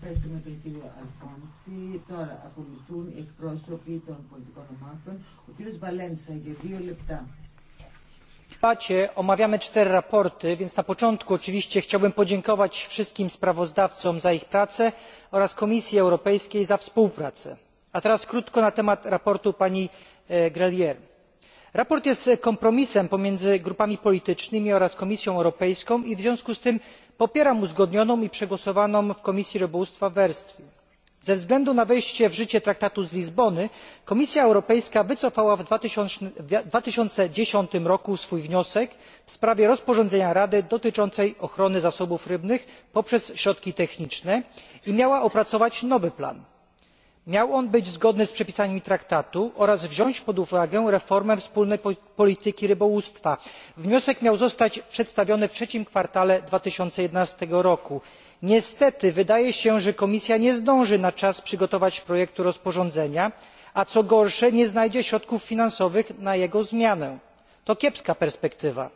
Ευχαριστούμε τον κύριο Αλφόνση. Τώρα ακολουθούν οι εκπρόσωποι των πολιτικών ομάδων. Ο κύριο Βαλέντσα για δύο λεπτά. Debacie omawiamy cztery raporty, więc na początku oczywiście chciałbym podziękować wszystkim sprawozdawcom za ich pracę oraz Komisji Europejskiej za współpracę. A teraz krótko na temat raportu pani Grelier sprawozdanie jest kompromisem pomiędzy grupami politycznymi oraz komisją europejską i w związku z tym popieram uzgodnioną i przegłosowaną w komisji rybołówstwa wersję. ze względu na wejście w życie traktatu z lizbony komisja europejska wycofała w dwa tysiące dziesięć roku swój wniosek w sprawie rozporządzenia rady dotyczącego ochrony zasobów rybnych poprzez środki techniczne i miała opracować nowy plan miał on być zgodny z przepisami traktatu oraz wziąć pod uwagę reformę wspólnej polityki rybołówstwa. wniosek miał zostać przedstawiony w trzecim kwartale dwa tysiące jedenaście roku. niestety wydaje się że komisja nie zdąży na czas przygotować projektu rozporządzenia a co gorsze nie znajdzie środków finansowych na jego zmianę. to kiepska perspektywa.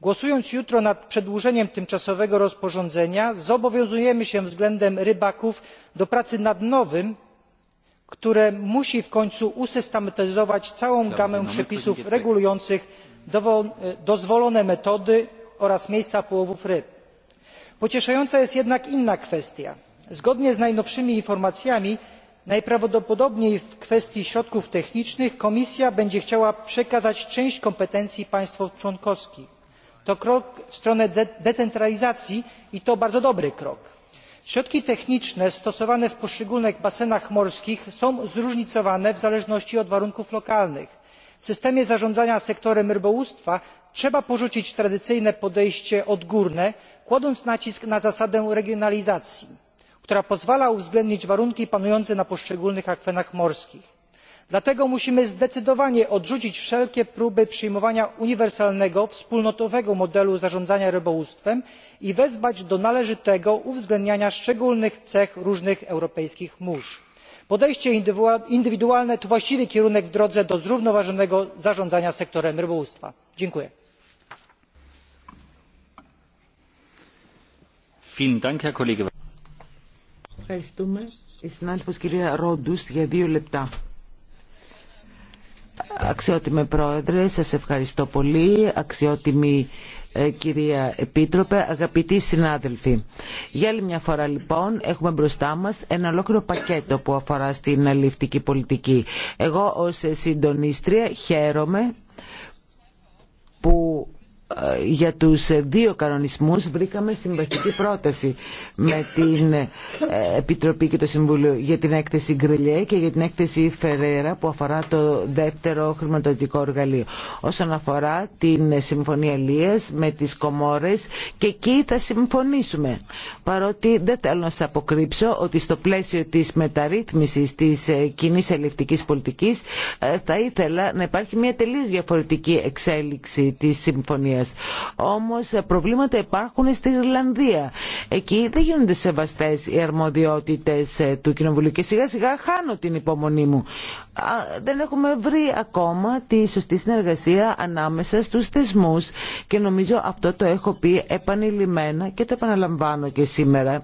głosując jutro nad przedłużeniem tymczasowego rozporządzenia zobowiązujemy się względem rybaków do pracy nad nowym które musi w końcu usystematyzować całą gamę przepisów regulujących dozwolone metody oraz miejsca połowów ryb. pocieszająca jest jednak inna kwestia zgodnie z najnowszymi informacjami najprawdopodobniej w kwestii środków technicznych komisja będzie chciała przekazać część kompetencji państwom członkowskim. to krok w stronę decentralizacji i to bardzo dobry krok środki techniczne stosowane w poszczególnych basenach morskich są zróżnicowane w zależności od warunków lokalnych. w systemie zarządzania sektorem rybołówstwa trzeba porzucić tradycyjne podejście odgórne kładąc nacisk na zasadę regionalizacji która pozwala uwzględnić warunki panujące na poszczególnych akwenach morskich dlatego musimy zdecydowanie odrzucić wszelkie próby przyjmowania uniwersalnego wspólnotowego modelu zarządzania rybołówstwem i wezwać do należytego uwzględniania szczególnych cech różnych europejskich mórz. podejście indywidualne to właściwy kierunek w drodze do zrównoważonego zarządzania sektorem rybołówstwa. dziękuję. Αξιότιμε Πρόεδρε, σας ευχαριστώ πολύ. Αξιότιμη ε, κυρία Επίτροπε, αγαπητοί συνάδελφοι. Για άλλη μια φορά λοιπόν έχουμε μπροστά μας ένα ολόκληρο πακέτο που αφορά στην αλληλευτική πολιτική. Εγώ ως συντονίστρια χαίρομαι που για τους δύο κανονισμούς βρήκαμε συμβαστική πρόταση με την ε, Επιτροπή και το Συμβούλιο για την έκθεση Γκρελιέ και για την έκθεση Φερέρα που αφορά το δεύτερο χρηματοδοτικό εργαλείο. Όσον αφορά την Συμφωνία Λίας με τις Κομόρες και εκεί θα συμφωνήσουμε. Παρότι δεν θέλω να σας αποκρύψω ότι στο πλαίσιο της μεταρρύθμισης της ε, κοινή ελευτικής πολιτικής ε, θα ήθελα να υπάρχει μια τελείως διαφορετική εξέλιξη της Συμφωνίας Όμω, Όμως ε, προβλήματα υπάρχουν στη Ιρλανδία. Εκεί δεν γίνονται σεβαστές οι αρμοδιότητες ε, του Κοινοβουλίου και σιγά σιγά χάνω την υπομονή μου δεν έχουμε βρει ακόμα τη σωστή συνεργασία ανάμεσα στους θεσμούς και νομίζω αυτό το έχω πει επανειλημμένα και το επαναλαμβάνω και σήμερα.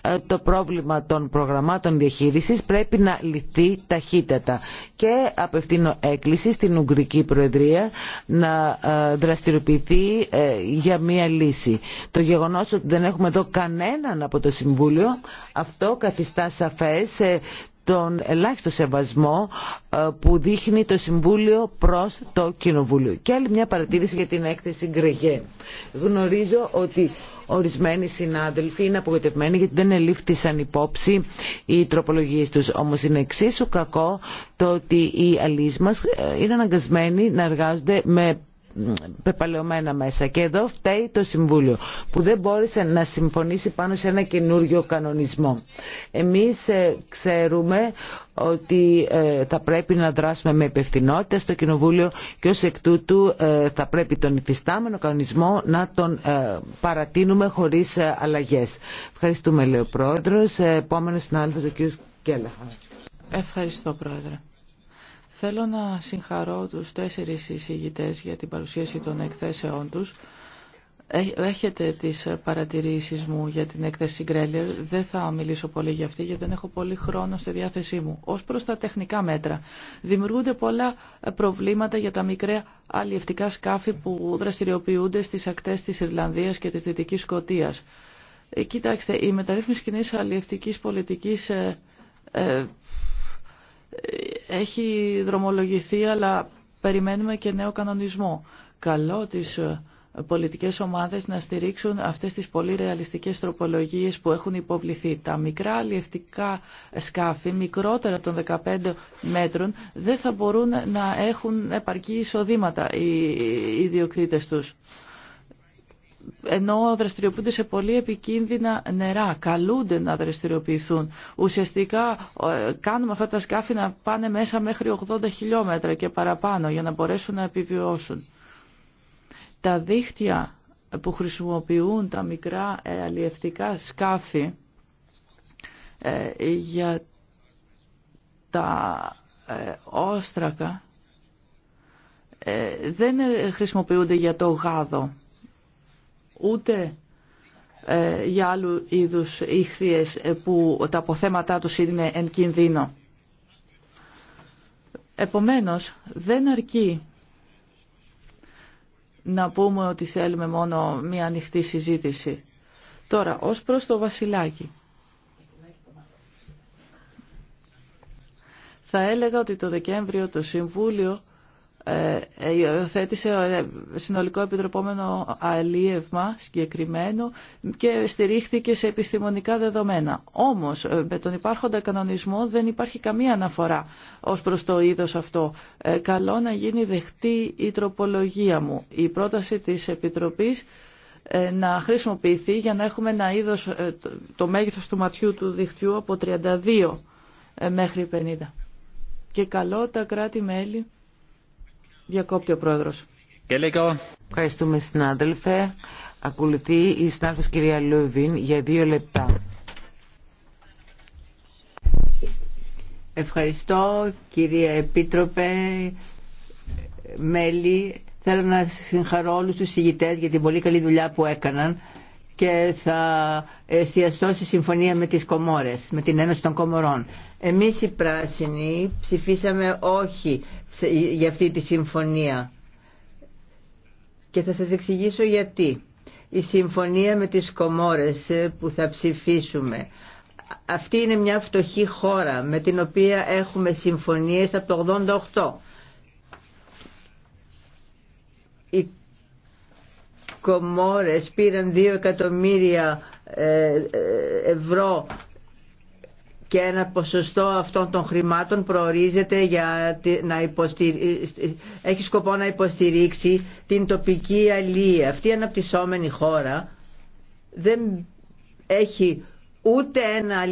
Ε, το πρόβλημα των προγραμμάτων διαχείρισης πρέπει να λυθεί ταχύτατα και απευθύνω έκκληση στην Ουγγρική Προεδρία να ε, δραστηριοποιηθεί ε, για μία λύση. Το γεγονός ότι δεν έχουμε εδώ κανέναν από το Συμβούλιο αυτό καθιστά σαφές τον ελάχιστο σεβασμό ε, που δείχνει το Συμβούλιο προς το Κοινοβούλιο. Και άλλη μια παρατήρηση για την έκθεση Γκρεγέ. Γνωρίζω ότι ορισμένοι συνάδελφοι είναι απογοητευμένοι γιατί δεν ελήφθησαν υπόψη οι τροπολογίες τους. Όμως είναι εξίσου κακό το ότι οι αλείς μας ε, είναι αναγκασμένοι να εργάζονται με πεπαλαιωμένα μέσα. Και εδώ φταίει το Συμβούλιο που δεν μπόρεσε να συμφωνήσει πάνω σε ένα καινούριο κανονισμό. Εμείς ε, ξέρουμε ότι ε, θα πρέπει να δράσουμε με υπευθυνότητα στο Κοινοβούλιο και ως εκ τούτου ε, θα πρέπει τον υφιστάμενο κανονισμό να τον παρατείνουμε χωρίς αλλαγές. Ευχαριστούμε, λέει ο Πρόεδρος. Επόμενος συνάδελφος, ο κ. Κέλαχα. Ευχαριστώ, Πρόεδρε. Θέλω να συγχαρώ τους τέσσερις εισηγητές για την παρουσίαση των εκθέσεών τους. Ε, έχετε τις παρατηρήσεις μου για την έκθεση Γκρέλια. Δεν θα μιλήσω πολύ για αυτή γιατί δεν έχω πολύ χρόνο στη διάθεσή μου. Ως προς τα τεχνικά μέτρα. Δημιουργούνται πολλά προβλήματα για τα μικρά αλλιευτικά σκάφη που δραστηριοποιούνται στις ακτές της Ιρλανδίας και της Δυτικής Σκοτίας. Ε, κοιτάξτε, η μεταρρύθμιση κοινή αλλιευτικής πολιτικής ε, έχει δρομολογηθεί αλλά περιμένουμε και νέο κανονισμό. Καλό τις ε, πολιτικές ομάδες να στηρίξουν αυτές τις πολύ ρεαλιστικές τροπολογίες που έχουν υποβληθεί. Τα μικρά αλλιευτικά σκάφη, μικρότερα των 15 μέτρων, δεν θα μπορούν να έχουν επαρκή εισοδήματα οι ιδιοκτήτες τους ενώ δραστηριοποιούνται σε πολύ επικίνδυνα νερά, καλούνται να δραστηριοποιηθούν. Ουσιαστικά ε, κάνουμε αυτά τα σκάφη να πάνε μέσα μέχρι 80 χιλιόμετρα και παραπάνω για να μπορέσουν να επιβιώσουν. Τα δίχτυα που χρησιμοποιούν τα μικρά ε, αλλιευτικά σκάφη ε, για τα όστρακα δεν χρησιμοποιούνται για το γάδο ούτε ε, για άλλου είδους ίχθιες ε, που τα αποθέματά τους είναι εν κινδύνο. Επομένως, δεν αρκεί να πούμε ότι θέλουμε μόνο μία ανοιχτή συζήτηση. Τώρα, ως προς το βασιλάκι. Θα έλεγα ότι το Δεκέμβριο το Συμβούλιο ε, ε, θέτησε ε, συνολικό επιτροπόμενο αλίευμα συγκεκριμένο και στηρίχθηκε σε επιστημονικά δεδομένα. Όμως με τον υπάρχοντα κανονισμό δεν υπάρχει καμία αναφορά ως προς το είδος αυτό. Καλό να γίνει δεχτή η τροπολογία μου. Η πρόταση της Επιτροπής να χρησιμοποιηθεί για να έχουμε ένα είδος, το μέγεθος του ματιού του δικτυού από 32 μέχρι 50. Και καλό τα κράτη-μέλη Διακόπτει ο Πρόεδρος. Ευχαριστούμε συνάδελφε. Ακολουθεί η συνάδελφος κυρία Λούβιν για δύο λεπτά. Ευχαριστώ κυρία Επίτροπε, μέλη. Θέλω να συγχαρώ όλους τους ηγητές για την πολύ καλή δουλειά που έκαναν και θα εστιαστώ στη συμφωνία με τις Κομόρες, με την Ένωση των Κομορών. Εμείς οι πράσινοι ψηφίσαμε όχι για αυτή τη συμφωνία και θα σας εξηγήσω γιατί. Η συμφωνία με τις Κομόρες που θα ψηφίσουμε αυτή είναι μια φτωχή χώρα με την οποία έχουμε συμφωνίες από το 88. Οι Κομόρες πήραν 2 εκατομμύρια ε, ε, ευρώ και ένα ποσοστό αυτών των χρημάτων προορίζεται για να έχει σκοπό να υποστηρίξει την τοπική αλία. Αυτή η αναπτυσσόμενη χώρα δεν έχει ούτε ένα,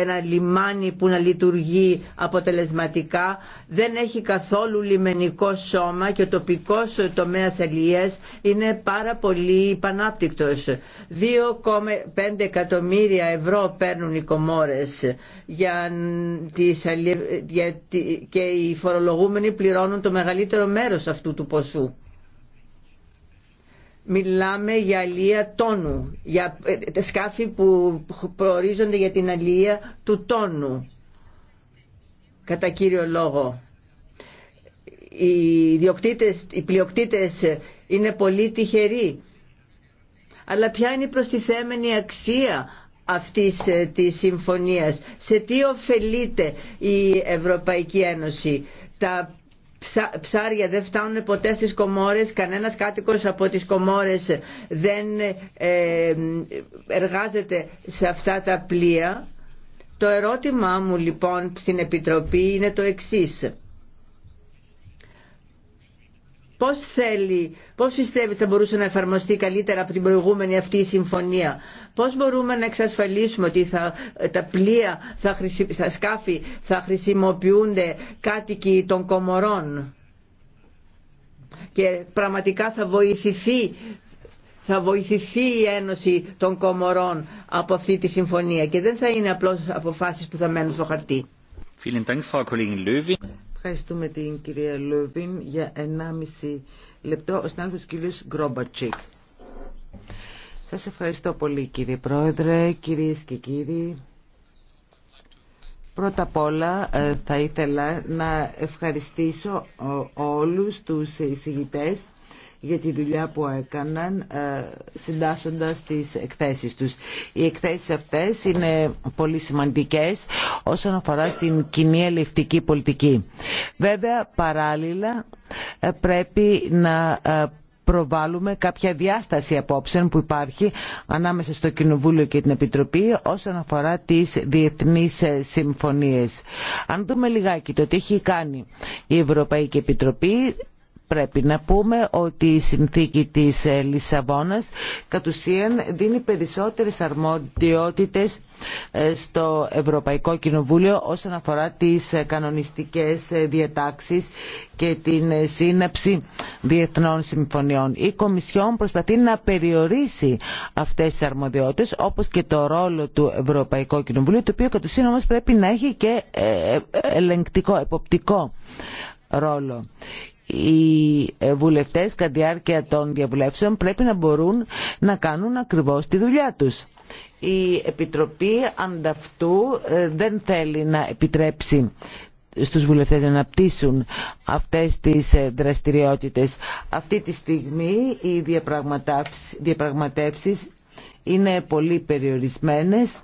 ένα λιμάνι που να λειτουργεί αποτελεσματικά, δεν έχει καθόλου λιμενικό σώμα και ο τοπικός τομέας αλληλείας είναι πάρα πολύ πανάπτυκτος. 2,5 εκατομμύρια ευρώ παίρνουν οι κομόρες για τις και οι φορολογούμενοι πληρώνουν το μεγαλύτερο μέρος αυτού του ποσού. Μιλάμε για αλία τόνου, για ε, τα σκάφη που προορίζονται για την αλία του τόνου, κατά κύριο λόγο. Οι, διοκτήτες, πλειοκτήτες είναι πολύ τυχεροί. Αλλά ποια είναι η προστιθέμενη αξία αυτής ε, της συμφωνίας. Σε τι ωφελείται η Ευρωπαϊκή Ένωση ψάρια δεν φτάνουν ποτέ στις Κομόρες, κανένας κάτοικος από τις Κομόρες δεν ε, εργάζεται σε αυτά τα πλοία. Το ερώτημά μου λοιπόν στην Επιτροπή είναι το εξής. Πώς θέλει, πώς πιστεύει θα μπορούσε να εφαρμοστεί καλύτερα από την προηγούμενη αυτή η συμφωνία. Πώς μπορούμε να εξασφαλίσουμε ότι θα, τα πλοία, θα, τα σκάφη θα χρησιμοποιούνται κάτοικοι των κομορών και πραγματικά θα βοηθηθεί θα βοηθηθεί η Ένωση των Κομορών από αυτή τη συμφωνία και δεν θα είναι απλώς αποφάσεις που θα μένουν στο χαρτί. Ευχαριστούμε την κυρία Λουβίν για 1,5 λεπτό. Ο συνάδελφος κύριος Γκρόμπατσικ. Σας ευχαριστώ πολύ κύριε Πρόεδρε, κυρίες και κύριοι. Πρώτα απ' όλα ε, θα ήθελα να ευχαριστήσω όλους τους εισηγητές για τη δουλειά που έκαναν ε, συντάσσοντας τις εκθέσεις τους. Οι εκθέσεις αυτές είναι πολύ σημαντικές όσον αφορά στην κοινή ελευτική πολιτική. Βέβαια παράλληλα ε, πρέπει να ε, προβάλλουμε κάποια διάσταση απόψεων που υπάρχει ανάμεσα στο Κοινοβούλιο και την Επιτροπή όσον αφορά τις διεθνείς συμφωνίες. Αν δούμε λιγάκι το τι έχει κάνει η Ευρωπαϊκή Επιτροπή πρέπει να πούμε ότι η συνθήκη της ε, Λισαβόνας κατ' ουσίαν δίνει περισσότερες αρμοδιότητες ε, στο Ευρωπαϊκό Κοινοβούλιο όσον αφορά τις ε, κανονιστικές διατάξεις και την σύναψη διεθνών συμφωνιών. Η Κομισιόν προσπαθεί να περιορίσει αυτές τις αρμοδιότητες όπως και το ρόλο του Ευρωπαϊκού Κοινοβουλίου το οποίο κατ' ουσίαν πρέπει να έχει και ελεγκτικό, εποπτικό ρόλο οι ε, βουλευτές κατά τη διάρκεια των διαβουλεύσεων πρέπει να μπορούν να κάνουν ακριβώς τη δουλειά τους. Η Επιτροπή ανταυτού ε, δεν θέλει να επιτρέψει στους βουλευτές να αναπτύσσουν αυτές τις ε, δραστηριότητες. Αυτή τη στιγμή οι διαπραγματεύσεις είναι πολύ περιορισμένες.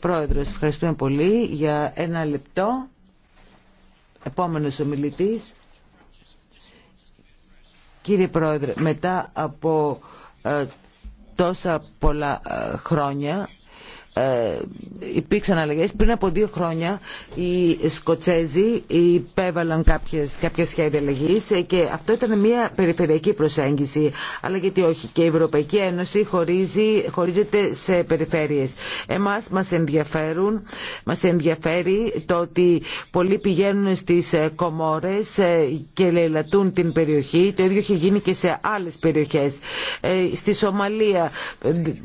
Πρόεδρος, ευχαριστούμε πολύ για ένα λεπτό. Επόμενος ομιλητής. Κύριε Πρόεδρε, μετά από ε, τόσα πολλά ε, χρόνια ε, υπήρξαν αλλαγές. Πριν από δύο χρόνια οι Σκοτσέζοι υπέβαλαν κάποιες, κάποια σχέδια αλλαγή και αυτό ήταν μια περιφερειακή προσέγγιση. Αλλά γιατί όχι. Και η Ευρωπαϊκή Ένωση χωρίζει, χωρίζεται σε περιφέρειες. Εμάς μας, ενδιαφέρουν, μας ενδιαφέρει το ότι πολλοί πηγαίνουν στις ε, Κομόρες ε, και λελατούν την περιοχή. Το ίδιο έχει γίνει και σε άλλες περιοχές. στη Σομαλία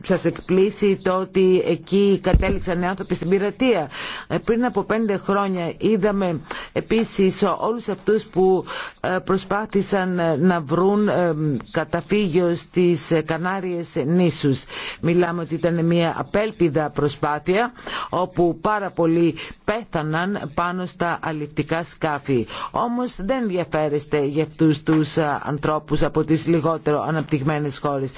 σας εκπλήσει το ότι εκεί εκεί κατέληξαν οι άνθρωποι στην πειρατεία. Ε, πριν από πέντε χρόνια είδαμε επίσης όλους αυτούς που ε, προσπάθησαν ε, να βρουν καταφύγιο στις Κανάριες νήσους. Μιλάμε ότι ήταν μια απέλπιδα προσπάθεια όπου πάρα πολλοί πέθαναν πάνω στα αληφτικά σκάφη. Όμως δεν ενδιαφέρεστε για αυτούς τους ανθρώπους από τις λιγότερο αναπτυγμένες χώρες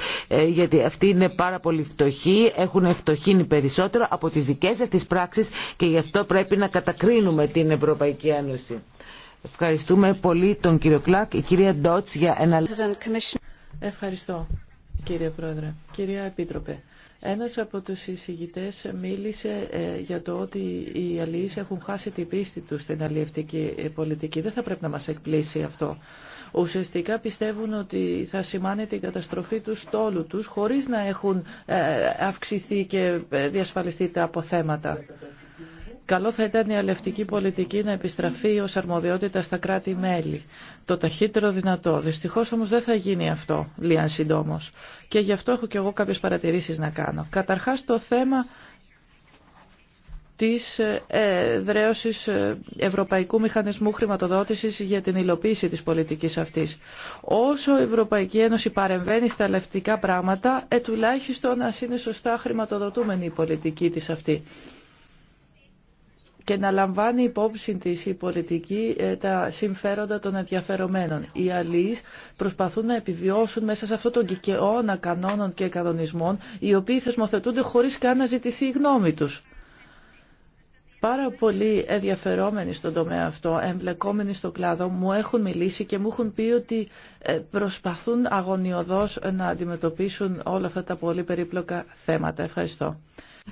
γιατί αυτοί είναι πάρα πολύ φτωχοί, έχουν φτωχύνει περισσότερο περισσότερο από τις δικές σας τις πράξεις και γι' αυτό πρέπει να κατακρίνουμε την Ευρωπαϊκή Ένωση. Ευχαριστούμε πολύ τον κύριο Κλακ. Η κυρία Ντότς για ένα Ευχαριστώ κύριε Πρόεδρε. Κυρία Επίτροπε. Ένας από τους εισηγητές μίλησε ε, για το ότι οι αλληλείς έχουν χάσει την πίστη τους στην αλληλευτική πολιτική. Δεν θα πρέπει να μας εκπλήσει αυτό. Ουσιαστικά πιστεύουν ότι θα σημάνει την καταστροφή του στόλου τους χωρίς να έχουν ε, αυξηθεί και ε, διασφαλιστεί τα αποθέματα. Καλό θα ήταν η αλευτική πολιτική να επιστραφεί ως αρμοδιότητα στα κράτη-μέλη. Το ταχύτερο δυνατό. Δυστυχώς όμως δεν θα γίνει αυτό, λίαν συντόμως. Και γι' αυτό έχω και εγώ κάποιες παρατηρήσεις να κάνω. Καταρχάς το θέμα της ε, δρέωσης ε, Ευρωπαϊκού Μηχανισμού Χρηματοδότησης για την υλοποίηση της πολιτικής αυτής. Όσο η Ευρωπαϊκή Ένωση παρεμβαίνει στα λευτικά πράγματα, ε, τουλάχιστον ας είναι σωστά χρηματοδοτούμενη η πολιτική της αυτή και να λαμβάνει υπόψη της η πολιτική ε, τα συμφέροντα των ενδιαφερομένων. Οι αλλοί προσπαθούν να επιβιώσουν μέσα σε αυτόν τον κικαιώνα κανόνων και κανονισμών, οι οποίοι θεσμοθετούνται χωρίς καν να ζητηθεί η γνώμη τους πάρα πολύ ενδιαφερόμενοι στον τομέα αυτό, εμπλεκόμενοι στο κλάδο, μου έχουν μιλήσει και μου έχουν πει ότι ε, προσπαθούν αγωνιωδώς να αντιμετωπίσουν όλα αυτά τα πολύ περίπλοκα θέματα. Ευχαριστώ.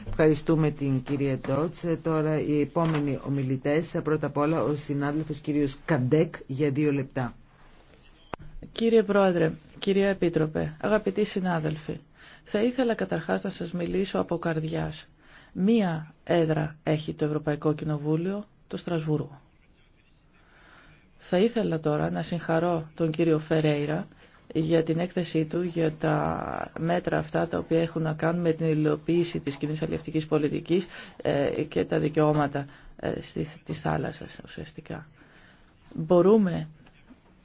Ευχαριστούμε την κυρία Ντότς. Ε, τώρα οι επόμενοι ομιλητές, ε, πρώτα απ' όλα ο συνάδελφος κύριος Καντέκ για δύο λεπτά. Κύριε Πρόεδρε, κυρία Επίτροπε, αγαπητοί συνάδελφοι, θα ήθελα καταρχάς να σας μιλήσω από καρδιάς. Μία έδρα έχει το Ευρωπαϊκό Κοινοβούλιο, το Στρασβούργο. Θα ήθελα τώρα να συγχαρώ τον κύριο Φερέιρα για την έκθεσή του για τα μέτρα αυτά τα οποία έχουν να κάνουν με την υλοποίηση της κοινής αλληλευτικής πολιτικής ε, και τα δικαιώματα ε, της θάλασσας ουσιαστικά. Μπορούμε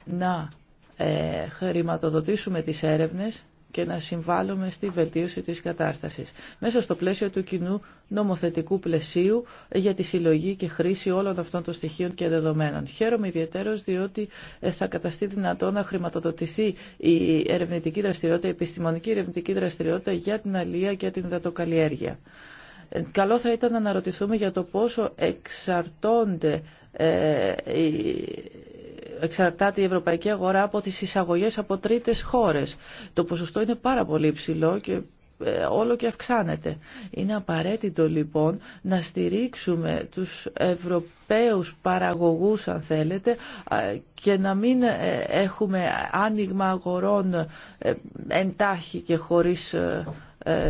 να ε, χρηματοδοτήσουμε τις έρευνες και να συμβάλλουμε στη βελτίωση της κατάστασης μέσα στο πλαίσιο του κοινού νομοθετικού πλαισίου για τη συλλογή και χρήση όλων αυτών των στοιχείων και δεδομένων. Χαίρομαι ιδιαίτερος διότι ε, θα καταστεί δυνατό να χρηματοδοτηθεί η ερευνητική δραστηριότητα, η επιστημονική ερευνητική δραστηριότητα για την αλία και την υδατοκαλλιέργεια. Ε, καλό θα ήταν να αναρωτηθούμε για το πόσο εξαρτώνται ε, οι εξαρτάται η ευρωπαϊκή αγορά από τις εισαγωγές από τρίτες χώρες. Το ποσοστό είναι πάρα πολύ υψηλό και ε, όλο και αυξάνεται. Είναι απαραίτητο λοιπόν να στηρίξουμε τους Ευρωπαίους παραγωγούς αν θέλετε και να μην ε, έχουμε άνοιγμα αγορών ε, εντάχει και χωρίς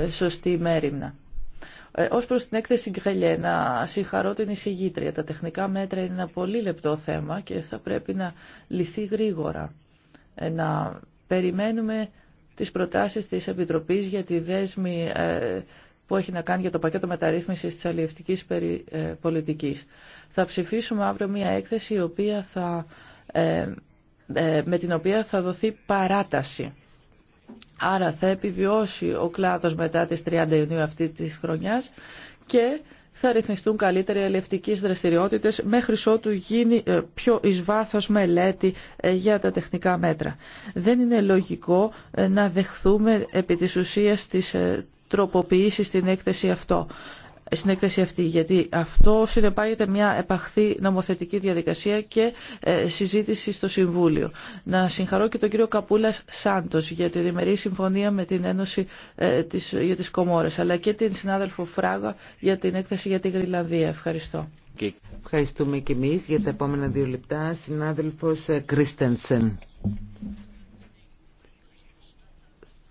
σωστή μέρημνα. Ε, ως προς την έκθεση Γκρελιέ, να συγχαρώ την εισηγήτρια. Τα τεχνικά μέτρα είναι ένα πολύ λεπτό θέμα και θα πρέπει να λυθεί γρήγορα. Ε, να περιμένουμε τις προτάσεις της Επιτροπής για τη δέσμη ε, που έχει να κάνει για το πακέτο μεταρρύθμισης της αλληλευτικής ε, πολιτικής. Θα ψηφίσουμε αύριο μια έκθεση η οποία θα, με την οποία θα δοθεί παράταση Άρα θα επιβιώσει ο κλάδος μετά τις 30 Ιουνίου αυτή της χρονιάς και θα ρυθμιστούν καλύτερα οι ελευτικές δραστηριότητες μέχρι ότου γίνει ε, πιο εις βάθος μελέτη ε, για τα τεχνικά μέτρα. Δεν είναι λογικό ε, να δεχθούμε επί της ουσίας τροποποιήσεις στην έκθεση αυτό στην έκθεση αυτή, γιατί αυτό συνεπάγεται μια επαχθή νομοθετική διαδικασία και ε, συζήτηση στο Συμβούλιο. Να συγχαρώ και τον κύριο Καπούλα Σάντο για τη διμερή συμφωνία με την Ένωση ε, της, για τι Κομόρε, αλλά και την συνάδελφο Φράγα για την έκθεση για την Γρυλανδία. Ευχαριστώ. Ευχαριστούμε και εμεί για τα επόμενα δύο λεπτά. Συνάδελφο ε, Κρίστενσεν.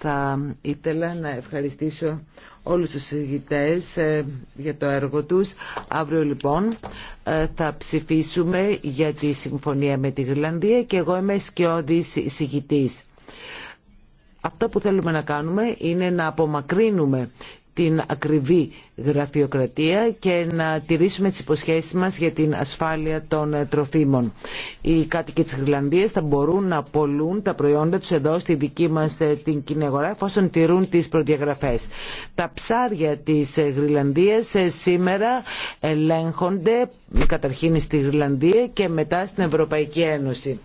Θα ήθελα να ευχαριστήσω όλους τους συζητητές ε, για το έργο τους. Αύριο λοιπόν ε, θα ψηφίσουμε για τη συμφωνία με τη Γρυλανδία και εγώ είμαι σκιώδης συγητής. Αυτό που θέλουμε να κάνουμε είναι να απομακρύνουμε την ακριβή γραφειοκρατία και να τηρήσουμε τις υποσχέσεις μας για την ασφάλεια των τροφίμων. Οι κάτοικοι της Γρυλανδίας θα μπορούν να πολλούν τα προϊόντα τους εδώ στη δική μας ε, την κοινή αγορά εφόσον τηρούν τις προδιαγραφές. Τα ψάρια της ε, Γρυλανδίας ε, σήμερα ελέγχονται καταρχήν στη Γρυλανδία και μετά στην Ευρωπαϊκή Ένωση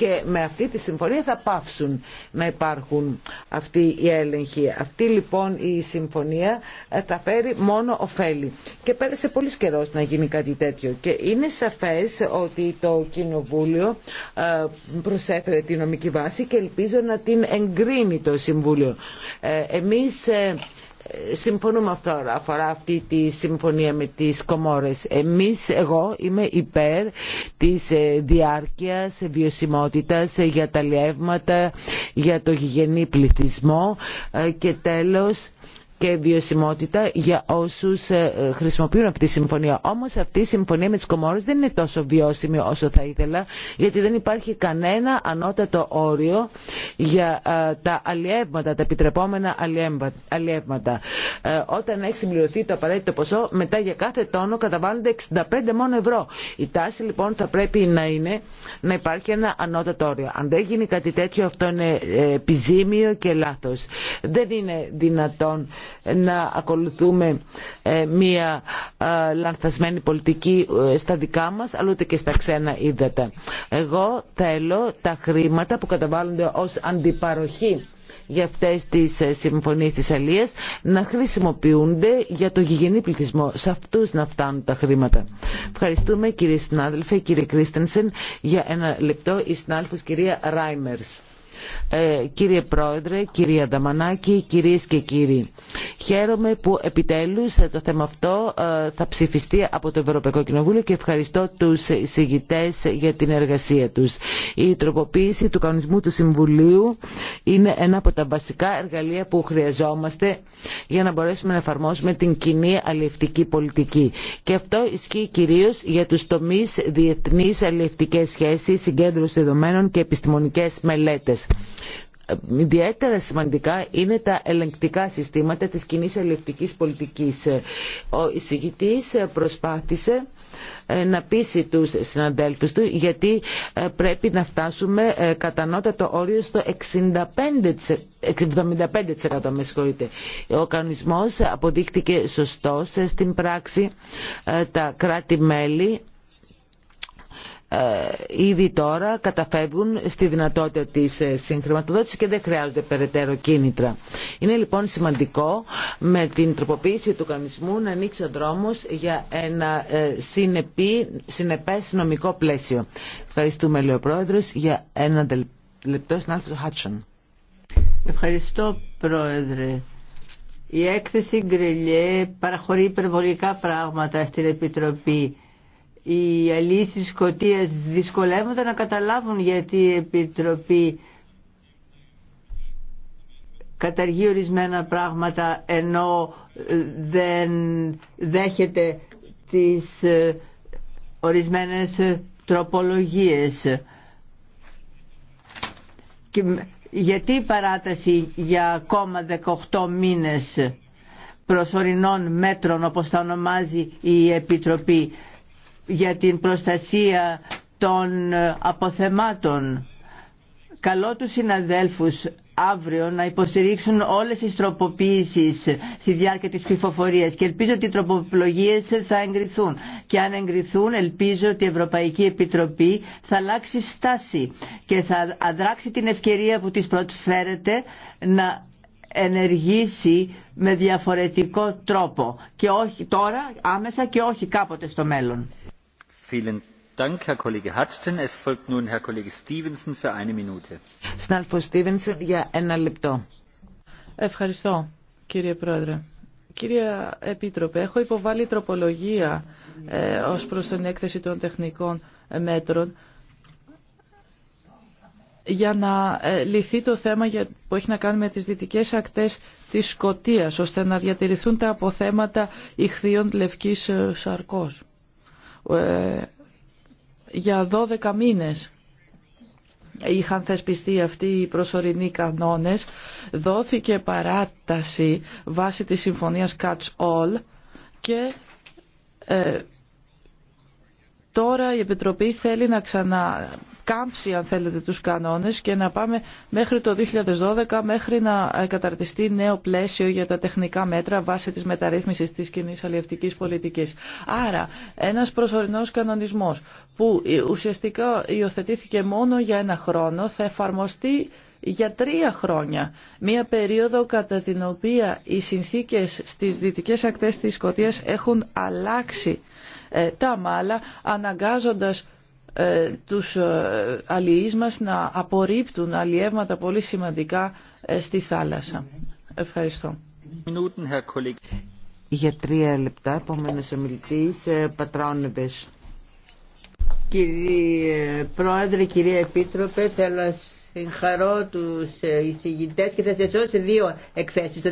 και με αυτή τη συμφωνία θα πάψουν, να υπάρχουν αυτοί οι έλεγχοι. Αυτή λοιπόν η συμφωνία ε, θα φέρει μόνο ωφέλη. Και πέρασε πολύ καιρό να γίνει κάτι τέτοιο. Και είναι σαφές ότι το Κοινοβούλιο ε, προσέφερε τη νομική βάση και ελπίζω να την εγκρίνει το Συμβούλιο. Ε, εμείς συμφωνούμε αυτό αφορά αυτή τη συμφωνία με τις Κομόρες. Εμείς, εγώ είμαι υπέρ της ε, διάρκειας βιωσιμότητας ε, για τα λιεύματα, για το γηγενή πληθυσμό ε, και τέλος και βιωσιμότητα για όσου ε, χρησιμοποιούν αυτή τη συμφωνία. Όμω αυτή η συμφωνία με τι Κομόρε δεν είναι τόσο βιώσιμη όσο θα ήθελα γιατί δεν υπάρχει κανένα ανώτατο όριο για ε, τα αλλιεύματα, τα επιτρεπόμενα αλλιεύματα. Ε, όταν έχει συμπληρωθεί το απαραίτητο ποσό, μετά για κάθε τόνο καταβάλλονται 65 μόνο ευρώ. Η τάση λοιπόν θα πρέπει να είναι να υπάρχει ένα ανώτατο όριο. Αν δεν γίνει κάτι τέτοιο αυτό είναι επιζήμιο και λάθο. Δεν είναι δυνατόν να ακολουθούμε ε, μία ε, λανθασμένη πολιτική ε, στα δικά μας αλλά ούτε και στα ξένα είδατε. Εγώ θέλω τα χρήματα που καταβάλλονται ως αντιπαροχή για αυτές τις συμφωνίες της Αλίας να χρησιμοποιούνται για το γηγενή πληθυσμό. Σε αυτούς να φτάνουν τα χρήματα. Ευχαριστούμε κύριε συνάδελφε, κύριε Κρίστενσεν για ένα λεπτό η συνάδελφος κυρία Ράιμερς. Ε, κύριε Πρόεδρε, κυρία Ανταμανάκη, κυρίες και κύριοι, χαίρομαι που επιτέλους ε, το θέμα αυτό ε, θα ψηφιστεί από το Ευρωπαϊκό Κοινοβούλιο και ευχαριστώ τους εισηγητές για την εργασία τους. Η τροποποίηση του κανονισμού του Συμβουλίου είναι ένα από τα βασικά εργαλεία που χρειαζόμαστε για να μπορέσουμε να εφαρμόσουμε την κοινή αλληλευτική πολιτική. Και αυτό ισχύει κυρίως για τους τομείς διεθνής αλληλευτικές σχέσεις, συγκέντρωση δεδομένων και επιστημονικές μελέτες. Ιδιαίτερα σημαντικά είναι τα ελεγκτικά συστήματα της κοινή ελεγκτικής πολιτικής. Ο εισηγητής προσπάθησε ε, να πείσει τους συναντέλφους του γιατί ε, πρέπει να φτάσουμε ε, το όριο στο 65%. 75% με Ο κανονισμός αποδείχτηκε σωστός στην πράξη. Τα κράτη-μέλη ε, ήδη τώρα καταφεύγουν στη δυνατότητα της ε, συγχρηματοδότησης και δεν χρειάζονται περαιτέρω κίνητρα. Είναι λοιπόν σημαντικό με την τροποποίηση του κανονισμού να ανοίξει ο δρόμος για ένα ε, συνεπή, συνεπές νομικό πλαίσιο. Ευχαριστούμε, λέει ο για ένα λεπτό συνάδελφος Χάτσον. Ευχαριστώ, Πρόεδρε. Η έκθεση Γκρελιέ παραχωρεί υπερβολικά πράγματα στην Επιτροπή οι αλληλείς της Σκοτίας δυσκολεύονται να καταλάβουν γιατί η Επιτροπή καταργεί ορισμένα πράγματα ενώ ε, δεν δέχεται τις ε, ορισμένες ε, τροπολογίες. γιατί η παράταση για ακόμα 18 μήνες προσωρινών μέτρων όπως τα ονομάζει η Επιτροπή για την προστασία των αποθεμάτων. Καλό τους συναδέλφους αύριο να υποστηρίξουν όλες τις τροποποίησεις στη διάρκεια της ψηφοφορία και ελπίζω ότι οι τροποπλογίες θα εγκριθούν και αν εγκριθούν ελπίζω ότι η Ευρωπαϊκή Επιτροπή θα αλλάξει στάση και θα αδράξει την ευκαιρία που της προσφέρεται να ενεργήσει με διαφορετικό τρόπο και όχι τώρα άμεσα και όχι κάποτε στο μέλλον. Ευχαριστώ, κύριε Πρόεδρε. Κύριε Επίτροπε, έχω υποβάλει τροπολογία ε, ως προς την έκθεση των τεχνικών ε, μέτρων για να ε, λυθεί το θέμα που έχει να κάνει με τις δυτικές ακτές της Σκοτίας, ώστε να διατηρηθούν τα αποθέματα ηχθείων λευκής σαρκός. Ε, για 12 μήνες είχαν θεσπιστεί αυτοί οι προσωρινοί κανόνες, δόθηκε παράταση βάσει της συμφωνίας Catch All και ε, τώρα η Επιτροπή θέλει να ξανα καμψει αν θέλετε τους κανόνες και να πάμε μέχρι το 2012 μέχρι να καταρτιστεί νέο πλαίσιο για τα τεχνικά μέτρα βάσει της μεταρρύθμισης της κοινή αλληλευτικής πολιτικής. Άρα ένας προσωρινός κανονισμός που ουσιαστικά υιοθετήθηκε μόνο για ένα χρόνο θα εφαρμοστεί για τρία χρόνια, μία περίοδο κατά την οποία οι συνθήκες στις δυτικές ακτές της Σκοτίας έχουν αλλάξει ε, τα μάλα, αναγκάζοντας ε, τους ε, αλληλείς μας να απορρίπτουν αλλιεύματα πολύ σημαντικά ε, στη θάλασσα. Ευχαριστώ. Για τρία λεπτά, επόμενος ομιλητής, Πατράωνεβες. Κύριε Πρόεδρε, κύριε Επίτροπε, θέλω να συγχαρώ τους εισηγητές και θα σε δύο εκθέσεις. Το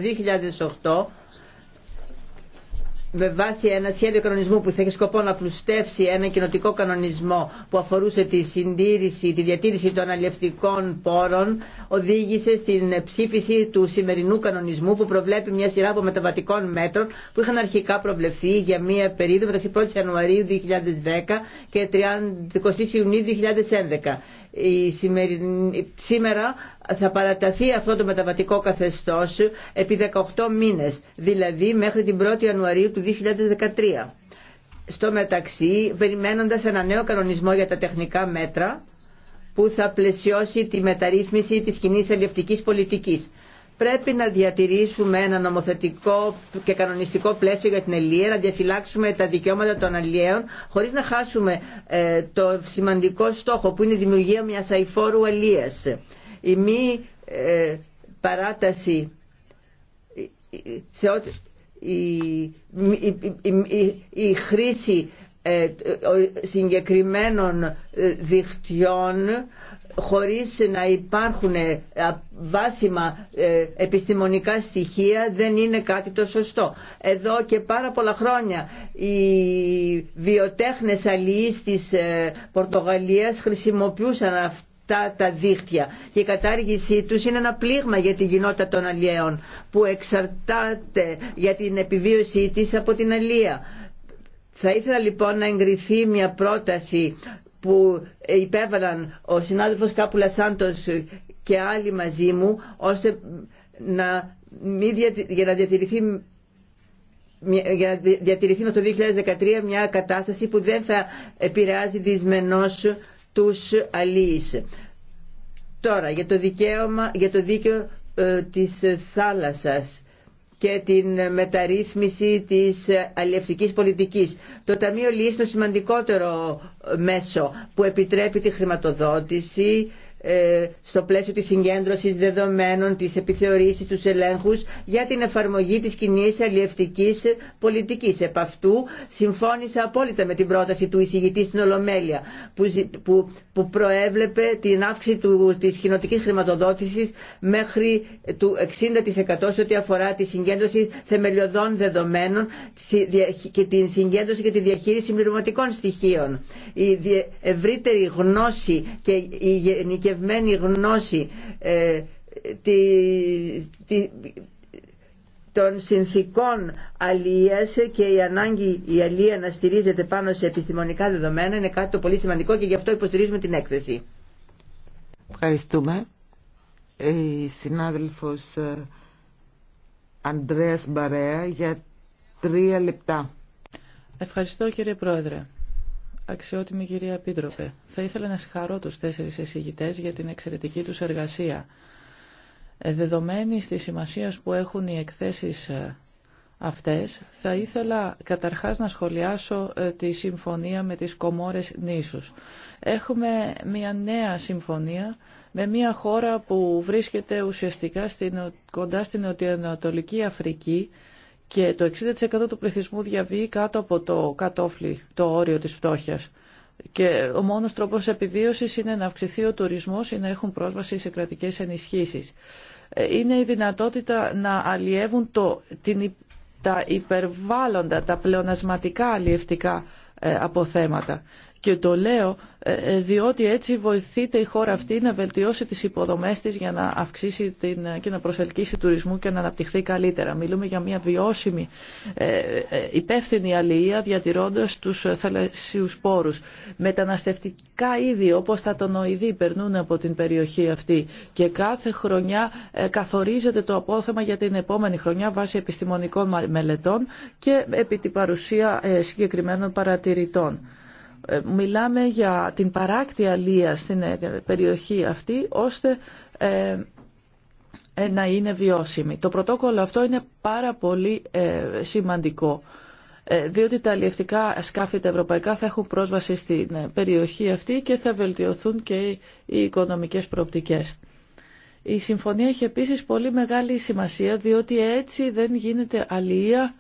2008 με βάση ένα σχέδιο κανονισμού που θα έχει σκοπό να πλουστεύσει ένα κοινοτικό κανονισμό που αφορούσε τη συντήρηση, τη διατήρηση των αλλιευτικών πόρων, οδήγησε στην ψήφιση του σημερινού κανονισμού που προβλέπει μια σειρά από μεταβατικών μέτρων που είχαν αρχικά προβλεφθεί για μια περίοδο μεταξύ 1η Ιανουαρίου 2010 και 30 Ιουνίου 2011 η σήμερα θα παραταθεί αυτό το μεταβατικό καθεστώς επί 18 μήνες, δηλαδή μέχρι την 1η Ιανουαρίου του 2013. Στο μεταξύ, περιμένοντας ένα νέο κανονισμό για τα τεχνικά μέτρα που θα πλαισιώσει τη μεταρρύθμιση της κοινή ελευτικής πολιτικής πρέπει να διατηρήσουμε ένα νομοθετικό και κανονιστικό πλαίσιο για την Ελία, να διαφυλάξουμε τα δικαιώματα των αλλιέων, χωρίς να χάσουμε ε, το σημαντικό στόχο που είναι η δημιουργία μιας αηφόρου Ελίας. Η μη ε, παράταση σε ό,τι η, χρήση ε, συγκεκριμένων δικτυών χωρίς να υπάρχουν ε, βάσιμα ε, επιστημονικά στοιχεία δεν είναι κάτι το σωστό. Εδώ και πάρα πολλά χρόνια οι βιοτέχνες αλληλείς της ε, Πορτογαλίας χρησιμοποιούσαν αυτά τα δίχτυα και η κατάργησή τους είναι ένα πλήγμα για την κοινότητα των αλλιέων που εξαρτάται για την επιβίωσή της από την αλλία. Θα ήθελα λοιπόν να εγκριθεί μια πρόταση που ε, υπέβαλαν ο συνάδελφος Κάπουλα Σάντος και άλλοι μαζί μου ώστε να διατηρηθεί για διατηρηθεί με το 2013 μια κατάσταση που δεν θα επηρεάζει δυσμενώς τους αλείς. Τώρα, για το, δικαίωμα, για το δίκαιο ε, της θάλασσας και την μεταρρύθμιση της αλληλευτικής πολιτικής. Το Ταμείο Λύσης είναι το σημαντικότερο μέσο που επιτρέπει τη χρηματοδότηση ε, στο πλαίσιο της συγκέντρωσης δεδομένων, της επιθεωρήσης, τους ελέγχους για την εφαρμογή της κοινή αλλιευτικής πολιτικής. Επ' αυτού συμφώνησα απόλυτα με την πρόταση του εισηγητή στην Ολομέλεια που, που, προέβλεπε την αύξηση του, της κοινοτικής χρηματοδότησης μέχρι του 60% σε ό,τι αφορά τη συγκέντρωση θεμελιωδών δεδομένων και την συγκέντρωση και τη διαχείριση πληρωματικών στοιχείων. Η ευρύτερη γνώση και η γενική ευμένη γνώση ε, τη, των συνθήκων αλίας και η ανάγκη η αλία να στηρίζεται πάνω σε επιστημονικά δεδομένα είναι κάτι το πολύ σημαντικό και γι' αυτό υποστηρίζουμε την έκθεση. Ευχαριστούμε. Η συνάδελφος ε, Ανδρέας Μπαρέα για τρία λεπτά. Ευχαριστώ κύριε Πρόεδρε αξιότιμη κυρία Επίτροπε. Θα ήθελα να συγχαρώ τους τέσσερις εισηγητές για την εξαιρετική τους εργασία. Ε, δεδομένη της σημασία που έχουν οι εκθέσεις ε, αυτές, θα ήθελα καταρχάς να σχολιάσω ε, τη συμφωνία με τις Κομόρες Νήσους. Έχουμε μια νέα συμφωνία με μια χώρα που βρίσκεται ουσιαστικά στην, κοντά στην Νοτιοανατολική Αφρική, και το 60% του πληθυσμού διαβεί κάτω από το κατόφλι, το όριο της φτώχειας. Και ο μόνος τρόπος επιβίωσης είναι να αυξηθεί ο τουρισμός ή να έχουν πρόσβαση σε κρατικές ενισχύσεις. Ε, είναι η δυνατότητα να αλλιεύουν το, την, τα υπερβάλλοντα, τα πλεονασματικά αλλιευτικά ε, αποθέματα. Και το λέω ε, ε, διότι έτσι βοηθείται η χώρα αυτή να βελτιώσει τις υποδομές της για να αυξήσει την, ε, και να προσελκύσει τουρισμού και να αναπτυχθεί καλύτερα. Μιλούμε για μια βιώσιμη υπεύθυνη αλληλεία διατηρώντας τους θαλασσιούς πόρους. Μεταναστευτικά είδη όπως τα τονοειδή περνούν από την περιοχή αυτή και κάθε χρονιά καθορίζεται το απόθεμα για την επόμενη χρονιά βάσει επιστημονικών μελετών και επί την παρουσία συγκεκριμένων παρατηρητών. Ε, μιλάμε για την παράκτη αλία στην ε, περιοχή αυτή ώστε ε, να είναι βιώσιμη. Το πρωτόκολλο αυτό είναι πάρα πολύ σημαντικό διότι τα αλλιευτικά σκάφη τα ευρωπαϊκά θα έχουν πρόσβαση στην περιοχή αυτή και θα βελτιωθούν και οι οικονομικές προοπτικές. Η συμφωνία έχει επίσης πολύ μεγάλη σημασία διότι έτσι δεν γίνεται αλία,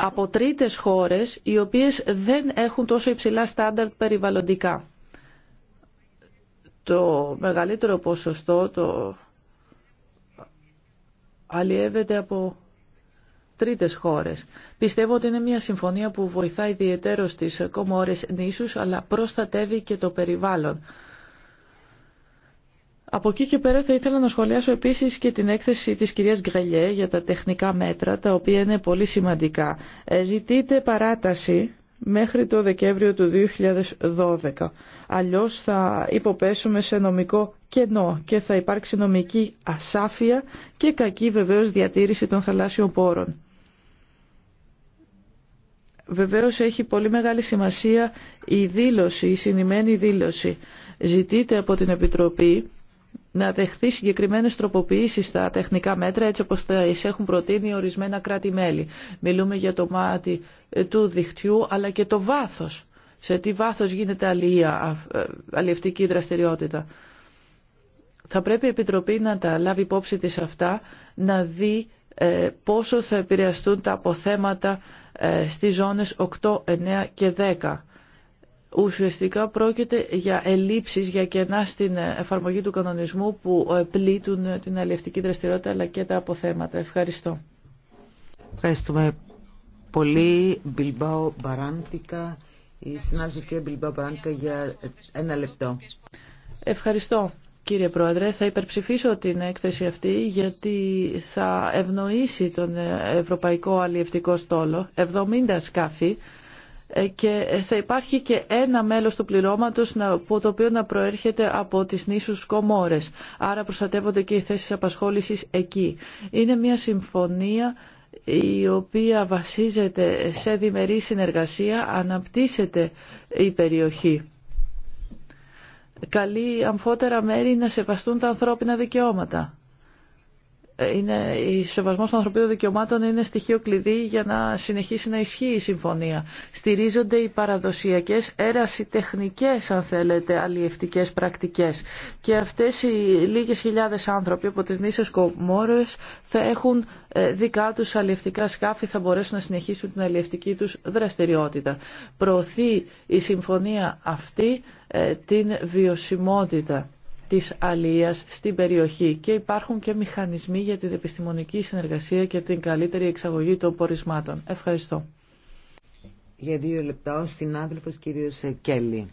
από τρίτες χώρες οι οποίες δεν έχουν τόσο υψηλά στάνταρ περιβαλλοντικά. Το μεγαλύτερο ποσοστό το αλλιεύεται από τρίτες χώρες. Πιστεύω ότι είναι μια συμφωνία που βοηθάει ιδιαίτερο στις κομμόρες νήσους αλλά προστατεύει και το περιβάλλον. Από εκεί και πέρα θα ήθελα να σχολιάσω επίσης και την έκθεση της κυρίας Γκρελιέ για τα τεχνικά μέτρα, τα οποία είναι πολύ σημαντικά. Ε, ζητείτε παράταση μέχρι το Δεκέμβριο του 2012. Αλλιώς θα υποπέσουμε σε νομικό κενό και θα υπάρξει νομική ασάφεια και κακή βεβαίως διατήρηση των θαλάσσιων πόρων. Βεβαίως έχει πολύ μεγάλη σημασία η δήλωση, η συνημένη δήλωση. Ζητείτε από την Επιτροπή να δεχθεί συγκεκριμένες τροποποιήσεις στα τεχνικά μέτρα έτσι όπως τα έχουν προτείνει ορισμένα κράτη-μέλη. Μιλούμε για το μάτι ε, του δικτυού αλλά και το βάθος. Σε τι βάθος γίνεται αλληλεία, ε, αλληλευτική δραστηριότητα. Θα πρέπει η Επιτροπή να τα λάβει υπόψη της αυτά, να δει ε, πόσο θα επηρεαστούν τα αποθέματα στις ζώνες 8, 9 και 10 Ουσιαστικά πρόκειται για ελλείψεις, για κενά στην εφαρμογή του κανονισμού που ε, πλήττουν την αλληλευτική δραστηριότητα αλλά και τα αποθέματα. Ευχαριστώ. Ευχαριστούμε πολύ. Μπιλμπάο Μπαράντικα, η συνάδελφη κ. Μπιλμπάο Μπαράντικα για ένα λεπτό. Ευχαριστώ. Κύριε Πρόεδρε, θα υπερψηφίσω την έκθεση αυτή γιατί θα ευνοήσει τον Ευρωπαϊκό Αλλιευτικό Στόλο 70 σκάφη ε, και θα υπάρχει και ένα μέλος του πληρώματος το οποίο να προέρχεται από τις νήσους Κομόρες. Άρα προστατεύονται και οι θέσεις απασχόλησης εκεί. Είναι μια συμφωνία η οποία βασίζεται σε διμερή συνεργασία, αναπτύσσεται η περιοχή. Καλή αμφότερα μέρη να σεβαστούν τα ανθρώπινα δικαιώματα είναι, η σεβασμός των ανθρωπίνων δικαιωμάτων είναι στοιχείο κλειδί για να συνεχίσει να ισχύει η συμφωνία. Στηρίζονται οι παραδοσιακές τεχνικές αν θέλετε, αλλιευτικέ πρακτικές. Και αυτές οι λίγες χιλιάδες άνθρωποι από τι νήσε Κομόρες θα έχουν ε, δικά του αλλιευτικά σκάφη, θα μπορέσουν να συνεχίσουν την αλλιευτική του δραστηριότητα. Προωθεί η συμφωνία αυτή ε, την βιωσιμότητα της αλίας στην περιοχή και υπάρχουν και μηχανισμοί για την επιστημονική συνεργασία και την καλύτερη εξαγωγή των πορισμάτων. Ευχαριστώ. Για δύο λεπτά ο συνάδελφος κύριος Κέλλη.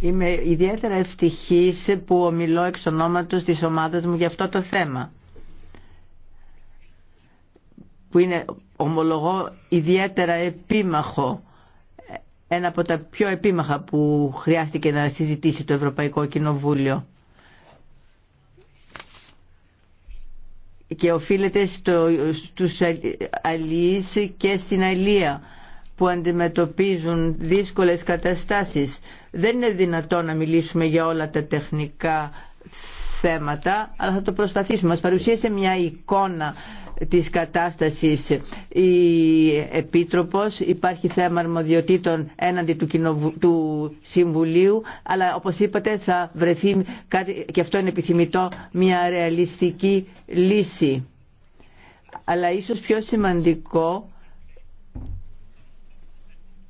Είμαι ιδιαίτερα ευτυχής που ομιλώ εξ ονόματος της ομάδας μου για αυτό το θέμα που είναι ομολογώ ιδιαίτερα επίμαχο ένα από τα πιο επίμαχα που χρειάστηκε να συζητήσει το Ευρωπαϊκό Κοινοβούλιο. Και οφείλεται στο, στους αλληλείς και στην αλληλεία που αντιμετωπίζουν δύσκολες καταστάσεις. Δεν είναι δυνατό να μιλήσουμε για όλα τα τεχνικά θέματα, αλλά θα το προσπαθήσουμε. Μας παρουσίασε μια εικόνα της κατάστασης η Επίτροπος υπάρχει θέμα αρμοδιοτήτων έναντι του, του Συμβουλίου αλλά όπως είπατε θα βρεθεί κάτι και αυτό είναι επιθυμητό μια ρεαλιστική λύση αλλά ίσως πιο σημαντικό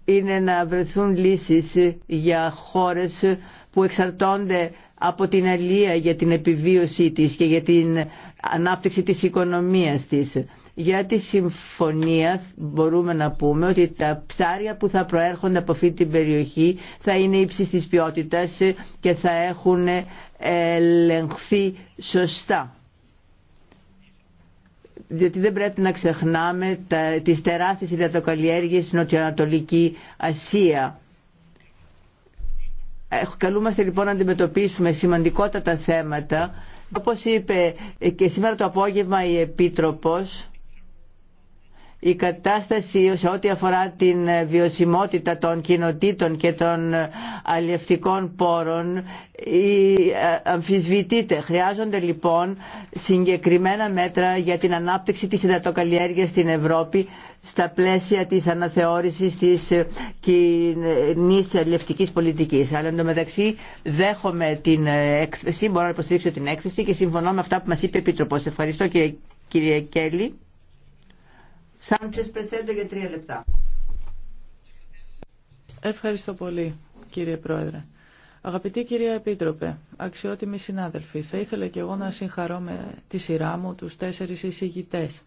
είναι να βρεθούν λύσεις για χώρες που εξαρτώνται από την αλία για την επιβίωσή της και για την ανάπτυξη της οικονομίας της. Για τη συμφωνία μπορούμε να πούμε ότι τα ψάρια που θα προέρχονται από αυτή την περιοχή θα είναι ύψης της ποιότητας και θα έχουν ελεγχθεί σωστά διότι δεν πρέπει να ξεχνάμε τα, τις τεράστιες υδατοκαλλιέργειες στην Νοτιοανατολική Ασία. Ε, καλούμαστε λοιπόν να αντιμετωπίσουμε σημαντικότατα θέματα όπως είπε και σήμερα το απόγευμα η Επίτροπος, η κατάσταση σε ό,τι αφορά την βιωσιμότητα των κοινοτήτων και των αλλιευτικών πόρων ε, αμφισβητείται. Χρειάζονται λοιπόν συγκεκριμένα μέτρα για την ανάπτυξη της υδατοκαλλιέργειας στην Ευρώπη στα πλαίσια της αναθεώρησης της κοινή ελευτικής πολιτικής. Αλλά εντωμεταξύ δέχομαι την έκθεση, μπορώ να υποστηρίξω την έκθεση και συμφωνώ με αυτά που μας είπε η Επίτροπος. Ευχαριστώ κύριε, κύριε Κέλλη. Σάντσες Πρεσέντο για τρία λεπτά. Ευχαριστώ πολύ κύριε Πρόεδρε. Αγαπητή κυρία Επίτροπε, αξιότιμοι συνάδελφοι, θα ήθελα και εγώ να συγχαρώ με τη σειρά μου τους τέσσερις εισηγητές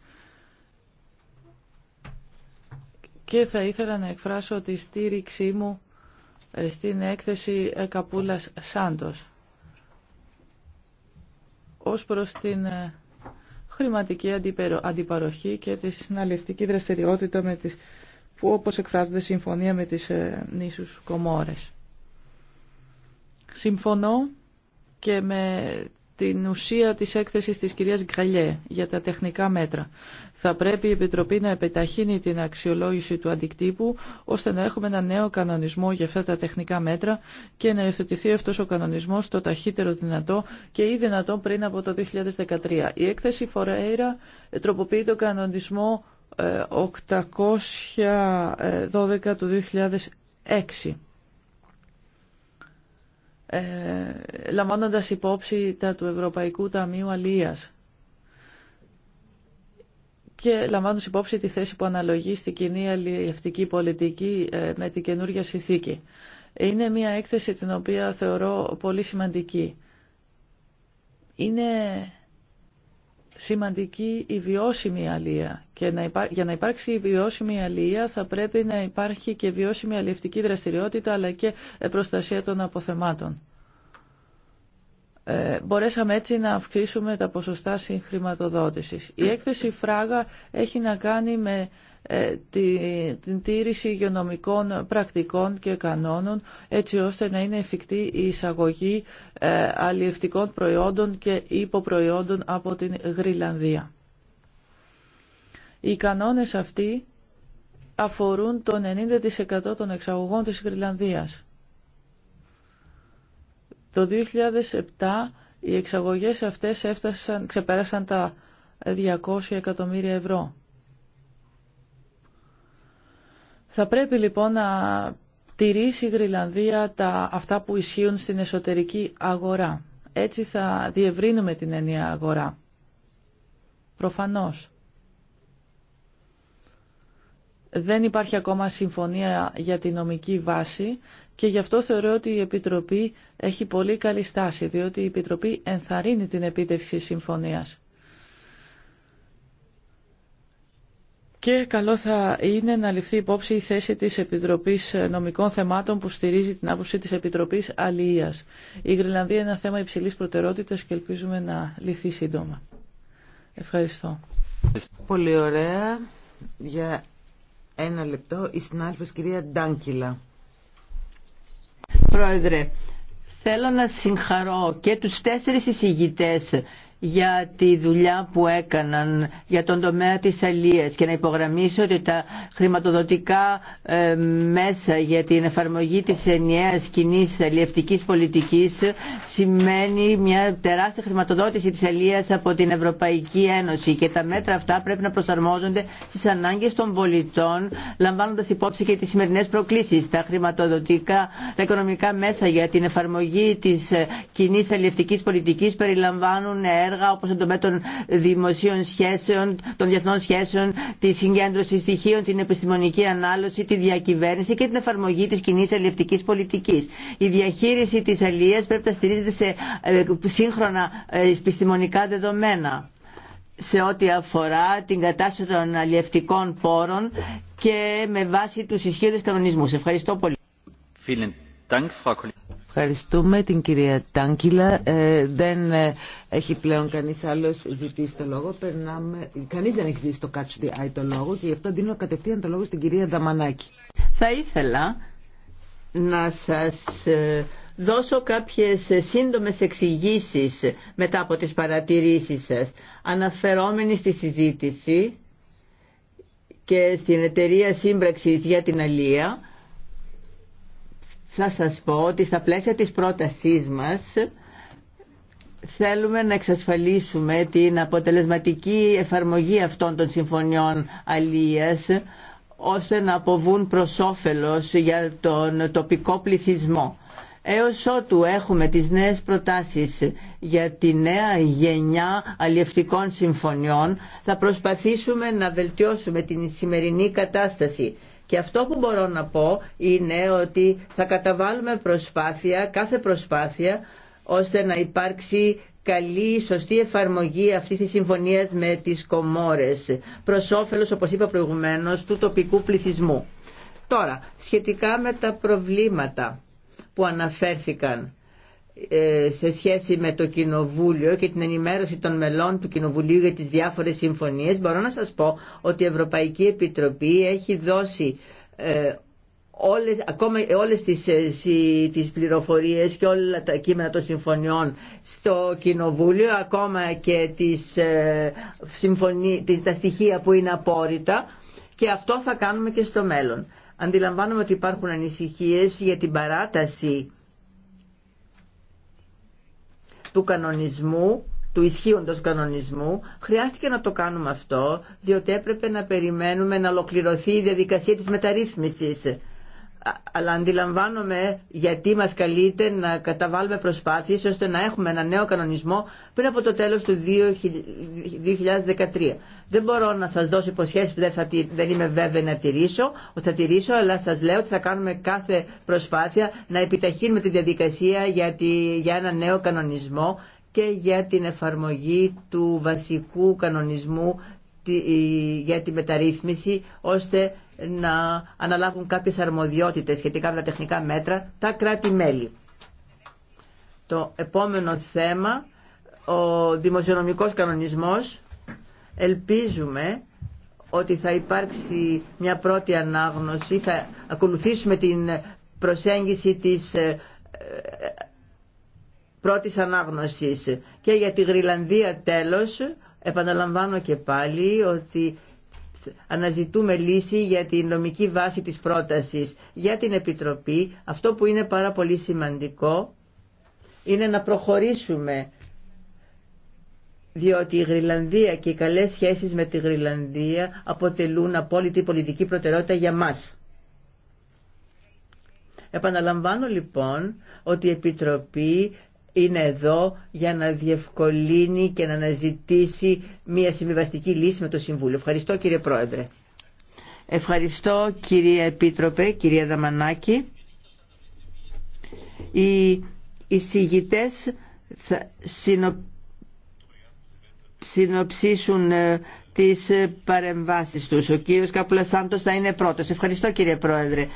και θα ήθελα να εκφράσω τη στήριξή μου ε, στην έκθεση ε, Καπούλας Σάντος ως προς την ε, χρηματική αντιπαροχή και τη συναλλευτική δραστηριότητα με τις, που όπως εκφράζονται συμφωνία με τις νήσους Κομόρες. Συμφωνώ και με την ουσία της έκθεσης της κυρίας Γκαλιέ για τα τεχνικά μέτρα. Θα πρέπει η Επιτροπή να επιταχύνει την αξιολόγηση του αντικτύπου ώστε να έχουμε ένα νέο κανονισμό για αυτά τα τεχνικά μέτρα και να υιοθετηθεί αυτός ο κανονισμός το ταχύτερο δυνατό και ή δυνατό πριν από το 2013. Η έκθεση Φορέιρα τροποποιεί το κανονισμό 812 ε, ε, του 2006 ε, λαμβάνοντας υπόψη τα του Ευρωπαϊκού Ταμείου Αλίας και λαμβάνοντας υπόψη τη θέση που αναλογεί στη κοινή αλληλευτική πολιτική ε, με την καινούργια συνθήκη. Είναι μια έκθεση την οποία θεωρώ πολύ σημαντική. Είναι σημαντική η βιώσιμη και να για να υπάρξει η βιώσιμη θα πρέπει να υπάρχει και βιώσιμη αλληλευτική δραστηριότητα αλλά και ε, προστασία των αποθεμάτων. Ε, μπορέσαμε έτσι να αυξήσουμε τα ποσοστά συγχρηματοδότησης. Η έκθεση Φράγα έχει να κάνει με ε, την τήρηση υγειονομικών πρακτικών και κανόνων έτσι ώστε να είναι εφικτή η εισαγωγή ε, αλλιευτικών προϊόντων και υποπροϊόντων από την Γρυλανδία. Οι κανόνες αυτοί αφορούν το 90% των εξαγωγών της Γρυλανδίας. Το 2007 οι εξαγωγές αυτές έφτασαν, ξεπέρασαν τα 200 εκατομμύρια ευρώ. Θα πρέπει λοιπόν να τηρήσει η Γρυλανδία τα, αυτά που ισχύουν στην εσωτερική αγορά. Έτσι θα διευρύνουμε την ενιαία αγορά. Προφανώς. Δεν υπάρχει ακόμα συμφωνία για τη νομική βάση και γι' αυτό θεωρώ ότι η Επιτροπή έχει πολύ καλή στάση, διότι η Επιτροπή ενθαρρύνει την επίτευξη συμφωνίας. και καλό θα είναι να ληφθεί υπόψη η θέση της Επιτροπής Νομικών Θεμάτων που στηρίζει την άποψη της Επιτροπής Αλίας. Η Γρυλανδία είναι ένα θέμα υψηλής προτεραιότητας και ελπίζουμε να λυθεί σύντομα. Ευχαριστώ. Πολύ ωραία. Για ένα λεπτό η συνάδελφος κυρία Ντάνκυλα. Πρόεδρε, θέλω να συγχαρώ και τους τέσσερις εισηγητές για τη δουλειά που έκαναν για τον τομέα της αλίας και να υπογραμμίσω ότι τα χρηματοδοτικά ε, μέσα για την εφαρμογή της ενιαίας κοινή αλλιευτικής πολιτικής σημαίνει μια τεράστια χρηματοδότηση της αλίας από την Ευρωπαϊκή Ένωση και τα μέτρα αυτά πρέπει να προσαρμόζονται στις ανάγκες των πολιτών λαμβάνοντας υπόψη και τις σημερινές προκλήσεις. Τα χρηματοδοτικά, τα οικονομικά μέσα για την εφαρμογή της ε, κοινή αλλιευτικής πολιτικής περιλαμβάνουν έργα όπως το τομέα των δημοσίων σχέσεων, των διεθνών σχέσεων, τη συγκέντρωση στοιχείων, την επιστημονική ανάλυση, τη διακυβέρνηση και την εφαρμογή της κοινή αλληλευτικής πολιτικής. Η διαχείριση της αλληλείας πρέπει να στηρίζεται σε ε, σύγχρονα ε, επιστημονικά δεδομένα σε ό,τι αφορά την κατάσταση των αλλιευτικών πόρων και με βάση τους ισχύοντες κανονισμούς. Ευχαριστώ πολύ. Ευχαριστούμε την κυρία Τάνκυλα. Ε, δεν ε, έχει πλέον κανείς άλλος ζητήσει το λόγο. Περνάμε... Κανείς δεν έχει ζητήσει το catch the eye το λόγο και γι' αυτό δίνω κατευθείαν το λόγο στην κυρία Δαμανάκη. Θα ήθελα να σας ε, δώσω κάποιες σύντομες εξηγήσει μετά από τις παρατηρήσεις σας. Αναφερόμενοι στη συζήτηση και στην εταιρεία σύμπραξης για την Αλία θα σας πω ότι στα πλαίσια της πρότασής μας θέλουμε να εξασφαλίσουμε την αποτελεσματική εφαρμογή αυτών των συμφωνιών αλίας ώστε να αποβούν προς όφελος για τον τοπικό πληθυσμό. Έως ότου έχουμε τις νέες προτάσεις για τη νέα γενιά αλλιευτικών συμφωνιών θα προσπαθήσουμε να βελτιώσουμε την σημερινή κατάσταση και αυτό που μπορώ να πω είναι ότι θα καταβάλουμε προσπάθεια, κάθε προσπάθεια, ώστε να υπάρξει καλή, σωστή εφαρμογή αυτής της συμφωνίας με τις Κομόρες, προς όφελος, όπως είπα προηγουμένως, του τοπικού πληθυσμού. Τώρα, σχετικά με τα προβλήματα που αναφέρθηκαν ε, σε σχέση με το Κοινοβούλιο και την ενημέρωση των μελών του Κοινοβουλίου για τις διάφορες συμφωνίες μπορώ να σας πω ότι η Ευρωπαϊκή Επιτροπή έχει δώσει ε, όλες, ακόμα όλες τις, ε, τις πληροφορίες και όλα τα κείμενα των συμφωνιών στο Κοινοβούλιο, ακόμα και τις, συμφωνί, τις, τα στοιχεία που είναι απόρριτα και αυτό θα κάνουμε και στο μέλλον. Αντιλαμβάνομαι ότι υπάρχουν ανησυχίες για την παράταση του κανονισμού του ισχύοντος κανονισμού, χρειάστηκε να το κάνουμε αυτό, διότι έπρεπε να περιμένουμε να ολοκληρωθεί η διαδικασία της μεταρρύθμισης αλλά αντιλαμβάνομαι γιατί μας καλείται να καταβάλουμε προσπάθειες ώστε να έχουμε ένα νέο κανονισμό πριν από το τέλος του 2013. Δεν μπορώ να σας δώσω υποσχέσεις που δεν, είμαι βέβαιη να τηρήσω, ότι θα τηρήσω, αλλά σας λέω ότι θα κάνουμε κάθε προσπάθεια να επιταχύνουμε τη διαδικασία για, για ένα νέο κανονισμό και για την εφαρμογή του βασικού κανονισμού για τη μεταρρύθμιση ώστε να αναλάβουν κάποιες αρμοδιότητες σχετικά με τα τεχνικά μέτρα τα κράτη-μέλη. Το επόμενο θέμα, ο δημοσιονομικός κανονισμός, ελπίζουμε ότι θα υπάρξει μια πρώτη ανάγνωση, θα ακολουθήσουμε την προσέγγιση της ε, ε, πρώτης ανάγνωσης. Και για τη Γρυλανδία τέλος, επαναλαμβάνω και πάλι ότι αναζητούμε λύση για την νομική βάση της πρότασης για την Επιτροπή. Αυτό που είναι πάρα πολύ σημαντικό είναι να προχωρήσουμε διότι η Γρυλανδία και οι καλές σχέσεις με τη Γρυλανδία αποτελούν απόλυτη πολιτική προτεραιότητα για μας. Επαναλαμβάνω λοιπόν ότι η Επιτροπή είναι εδώ για να διευκολύνει και να αναζητήσει μια συμβιβαστική λύση με το Συμβούλιο. Ευχαριστώ κύριε Πρόεδρε. Ευχαριστώ κυρία Επίτροπε, κυρία Δαμανάκη. Οι εισηγητές θα συνοψίσουν ε, τις παρεμβάσεις τους. Ο κύριος Καπουλασάντος θα είναι πρώτος. Ευχαριστώ κύριε Πρόεδρε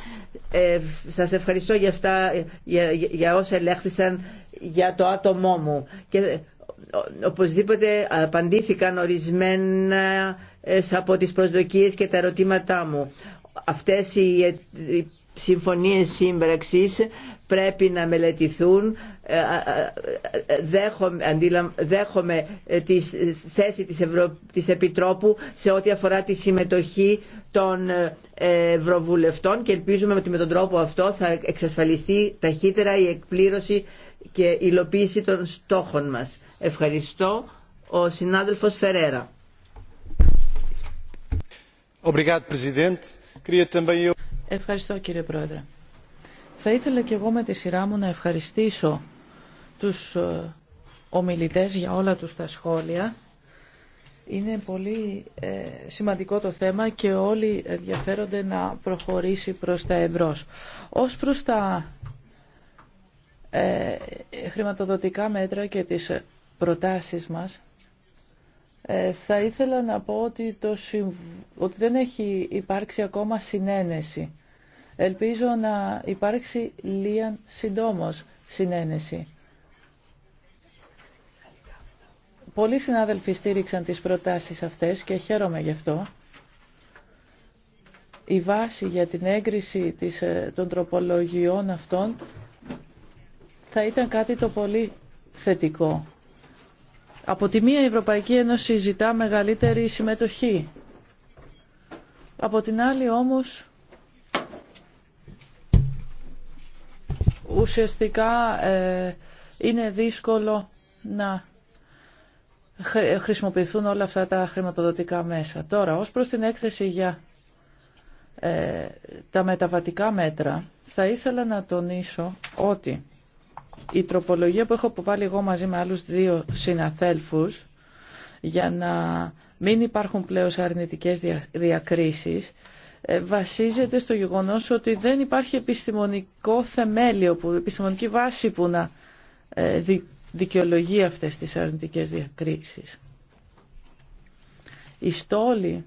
ε, σας ευχαριστώ για αυτά, για, για όσα ελέγχθησαν για το άτομό μου. Και οπωσδήποτε απαντήθηκαν ορισμένα ε, από τις προσδοκίες και τα ερωτήματά μου. Αυτές οι ε, συμφωνίες σύμπραξης πρέπει να μελετηθούν ε, ε, δέχομαι, δέχομαι ε, τη θέση της, της Επιτρόπου σε ό,τι αφορά τη συμμετοχή των Ευρωβουλευτών και ελπίζουμε ότι με τον τρόπο αυτό θα εξασφαλιστεί ταχύτερα η εκπλήρωση και η υλοποίηση των στόχων μας. Ευχαριστώ. Ο συνάδελφος Φερέρα. Ευχαριστώ κύριε Πρόεδρε. Θα ήθελα και εγώ με τη σειρά μου να ευχαριστήσω τους ε, ομιλητές για όλα τους τα σχόλια. Είναι πολύ ε, σημαντικό το θέμα και όλοι ενδιαφέρονται να προχωρήσει προς τα εμπρός. Ως προς τα ε, χρηματοδοτικά μέτρα και τις προτάσεις μας, θα ήθελα να πω ότι, το, ότι δεν έχει υπάρξει ακόμα συνένεση. Ελπίζω να υπάρξει λίαν συντόμως συνένεση. Πολλοί συνάδελφοι στήριξαν τις προτάσεις αυτές και χαίρομαι γι' αυτό. Η βάση για την έγκριση της, ε, των τροπολογιών αυτών θα ήταν κάτι το πολύ θετικό. Από τη μία η Ευρωπαϊκή Ένωση ζητά μεγαλύτερη συμμετοχή. Από την άλλη όμως ουσιαστικά ε, είναι δύσκολο να χρησιμοποιηθούν όλα αυτά τα χρηματοδοτικά μέσα. Τώρα, ως προς την έκθεση για ε, τα μεταβατικά μέτρα, θα ήθελα να τονίσω ότι η τροπολογία που έχω αποβάλει εγώ μαζί με άλλους δύο συναθέλφους για να μην υπάρχουν πλέον αρνητικές διακρίσεις ε, βασίζεται στο γεγονός ότι δεν υπάρχει επιστημονικό θεμέλιο, επιστημονική βάση που να ε, δικαιολογεί αυτές τις αρνητικές διακρίσεις. Η στόλη,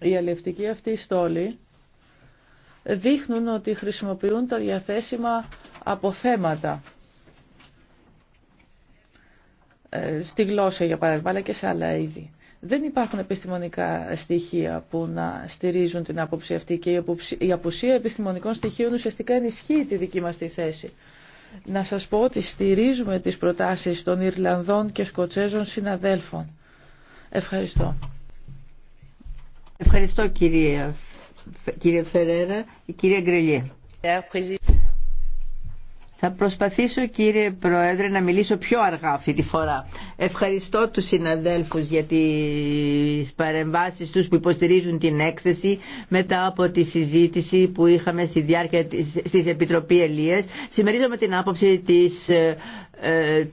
η αυτοί αυτή στόλη, δείχνουν ότι χρησιμοποιούν τα διαθέσιμα αποθέματα ε, στη γλώσσα για παράδειγμα, αλλά και σε άλλα είδη. Δεν υπάρχουν επιστημονικά στοιχεία που να στηρίζουν την άποψη αυτή και η απουσία επιστημονικών στοιχείων ουσιαστικά ενισχύει τη δική μας τη θέση να σας πω ότι στηρίζουμε τις προτάσεις των Ιρλανδών και Σκοτσέζων συναδέλφων. Ευχαριστώ. Ευχαριστώ κυρία, κύριε Φερέρα. Η κυρία Γκρελιέ. Θα προσπαθήσω κύριε Πρόεδρε να μιλήσω πιο αργά αυτή τη φορά. Ευχαριστώ τους συναδέλφους για τις παρεμβάσεις τους που υποστηρίζουν την έκθεση μετά από τη συζήτηση που είχαμε στη διάρκεια της, στις Επιτροπή Ελίας. Συμμερίζομαι την άποψη της ε, ε,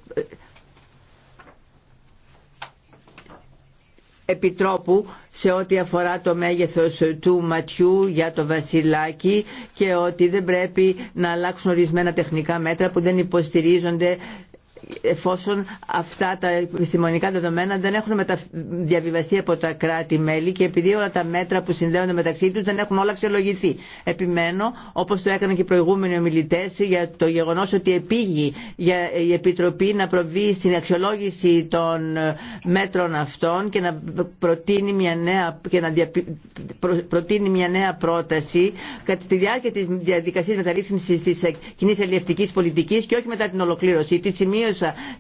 Επιτρόπου σε ό,τι αφορά το μέγεθος του ματιού για το βασιλάκι και ότι δεν πρέπει να αλλάξουν ορισμένα τεχνικά μέτρα που δεν υποστηρίζονται εφόσον αυτά τα επιστημονικά δεδομένα δεν έχουν διαβιβαστεί από τα κράτη-μέλη και επειδή όλα τα μέτρα που συνδέονται μεταξύ τους δεν έχουν όλα αξιολογηθεί. Επιμένω, όπως το έκαναν και οι προηγούμενοι ομιλητέ για το γεγονός ότι επήγει για η Επιτροπή να προβεί στην αξιολόγηση των ε, μέτρων αυτών και να προτείνει μια νέα, και να προ, προτείνει μια νέα πρόταση κατά τη διάρκεια της διαδικασίας μεταρρύθμισης της ε, κοινής ελληνευτική πολιτική και όχι μετά την ολοκλήρωση. Τη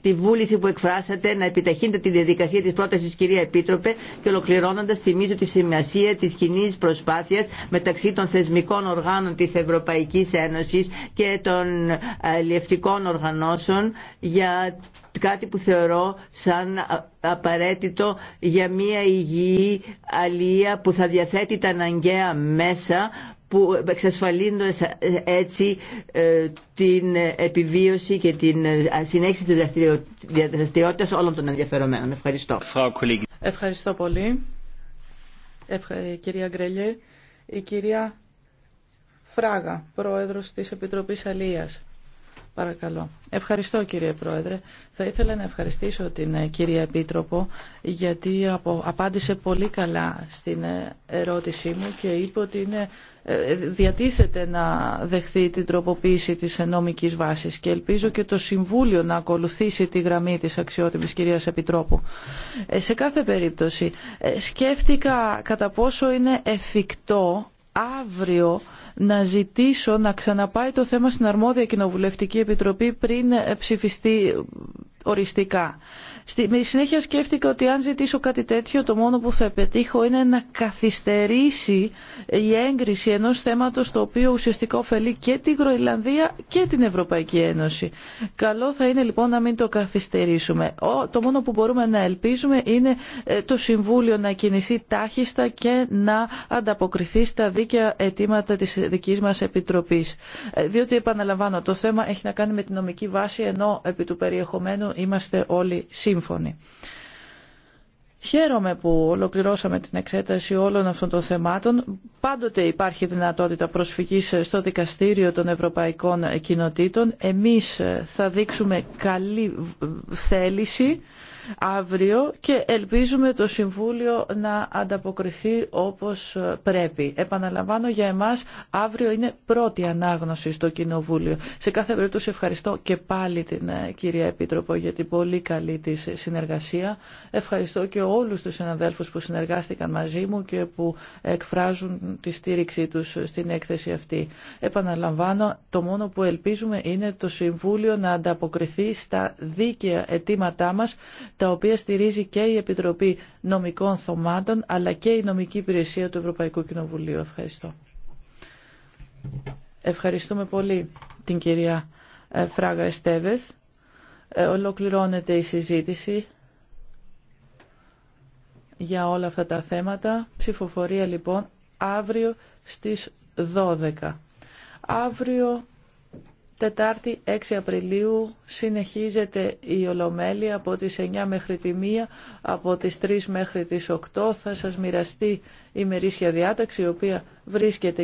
τη βούληση που εκφράσατε να επιταχύνετε τη διαδικασία της πρόταση, κυρία Επίτροπε και ολοκληρώνοντας θυμίζω τη σημασία της κοινή προσπάθειας μεταξύ των θεσμικών οργάνων της Ευρωπαϊκής Ένωσης και των ε, λιευτικών οργανώσεων για κάτι που θεωρώ σαν ε, απαραίτητο για μια υγιή αλία που θα διαθέτει τα αναγκαία μέσα που εξασφαλίζουν ε, έτσι ε, την επιβίωση και την ε, συνέχιση της δραστηριότητας όλων των ενδιαφερομένων. Ευχαριστώ. Ευχαριστώ πολύ. Ευχα... Κυρία Γκρελιέ, η κυρία Φράγα, πρόεδρος της Επιτροπής Αλίας. Παρακαλώ. Ευχαριστώ κύριε Πρόεδρε. Θα ήθελα να ευχαριστήσω την ε, κυρία Επίτροπο γιατί απάντησε πολύ καλά στην ε, ερώτησή μου και είπε ότι ε, διατίθεται να δεχθεί την τροποποίηση της νομικής βάσης και ελπίζω και το Συμβούλιο να ακολουθήσει τη γραμμή της αξιότιμης κυρίας Επιτρόπου. Σε κάθε περίπτωση σκέφτηκα κατά πόσο είναι εφικτό αύριο να ζητήσω να ξαναπάει το θέμα στην αρμόδια κοινοβουλευτική επιτροπή πριν ψηφιστεί οριστικά. Στη με συνέχεια σκέφτηκα ότι αν ζητήσω κάτι τέτοιο το μόνο που θα πετύχω είναι να καθυστερήσει η έγκριση ενός θέματος το οποίο ουσιαστικά ωφελεί και την Γροϊλανδία και την Ευρωπαϊκή Ένωση. Καλό θα είναι λοιπόν να μην το καθυστερήσουμε. Το μόνο που μπορούμε να ελπίζουμε είναι ε, το Συμβούλιο να κινηθεί τάχιστα και να ανταποκριθεί στα δίκαια αιτήματα της δικής μας Επιτροπής. Ε, διότι επαναλαμβάνω το θέμα έχει να κάνει με την νομική βάση ενώ επί του περιεχομένου είμαστε όλοι σύμφωνοι. Χαίρομαι που ολοκληρώσαμε την εξέταση όλων αυτών των θεμάτων. Πάντοτε υπάρχει δυνατότητα προσφυγής στο Δικαστήριο των Ευρωπαϊκών Κοινοτήτων. Εμείς θα δείξουμε καλή θέληση αύριο και ελπίζουμε το Συμβούλιο να ανταποκριθεί όπως πρέπει. Επαναλαμβάνω για εμάς, αύριο είναι πρώτη ανάγνωση στο Κοινοβούλιο. Σε κάθε περίπτωση ευχαριστώ και πάλι την ε, κυρία Επίτροπο για την πολύ καλή της συνεργασία. Ευχαριστώ και όλους τους συναδέλφους που συνεργάστηκαν μαζί μου και που εκφράζουν τη στήριξή τους στην έκθεση αυτή. Επαναλαμβάνω, το μόνο που ελπίζουμε είναι το Συμβούλιο να ανταποκριθεί στα δίκαια αιτήματά μας τα οποία στηρίζει και η Επιτροπή Νομικών Θωμάτων αλλά και η Νομική Υπηρεσία του Ευρωπαϊκού Κοινοβουλίου. Ευχαριστώ. Ευχαριστούμε πολύ την κυρία ε, Φράγα Εστέβεθ. Ε, ολοκληρώνεται η συζήτηση για όλα αυτά τα θέματα. Ψηφοφορία λοιπόν αύριο στις 12. Αύριο Τετάρτη 6 Απριλίου συνεχίζεται η Ολομέλεια από τις 9 μέχρι τη 1, από τις 3 μέχρι τις 8. Θα σας μοιραστεί η μερίσια διάταξη, η οποία βρίσκεται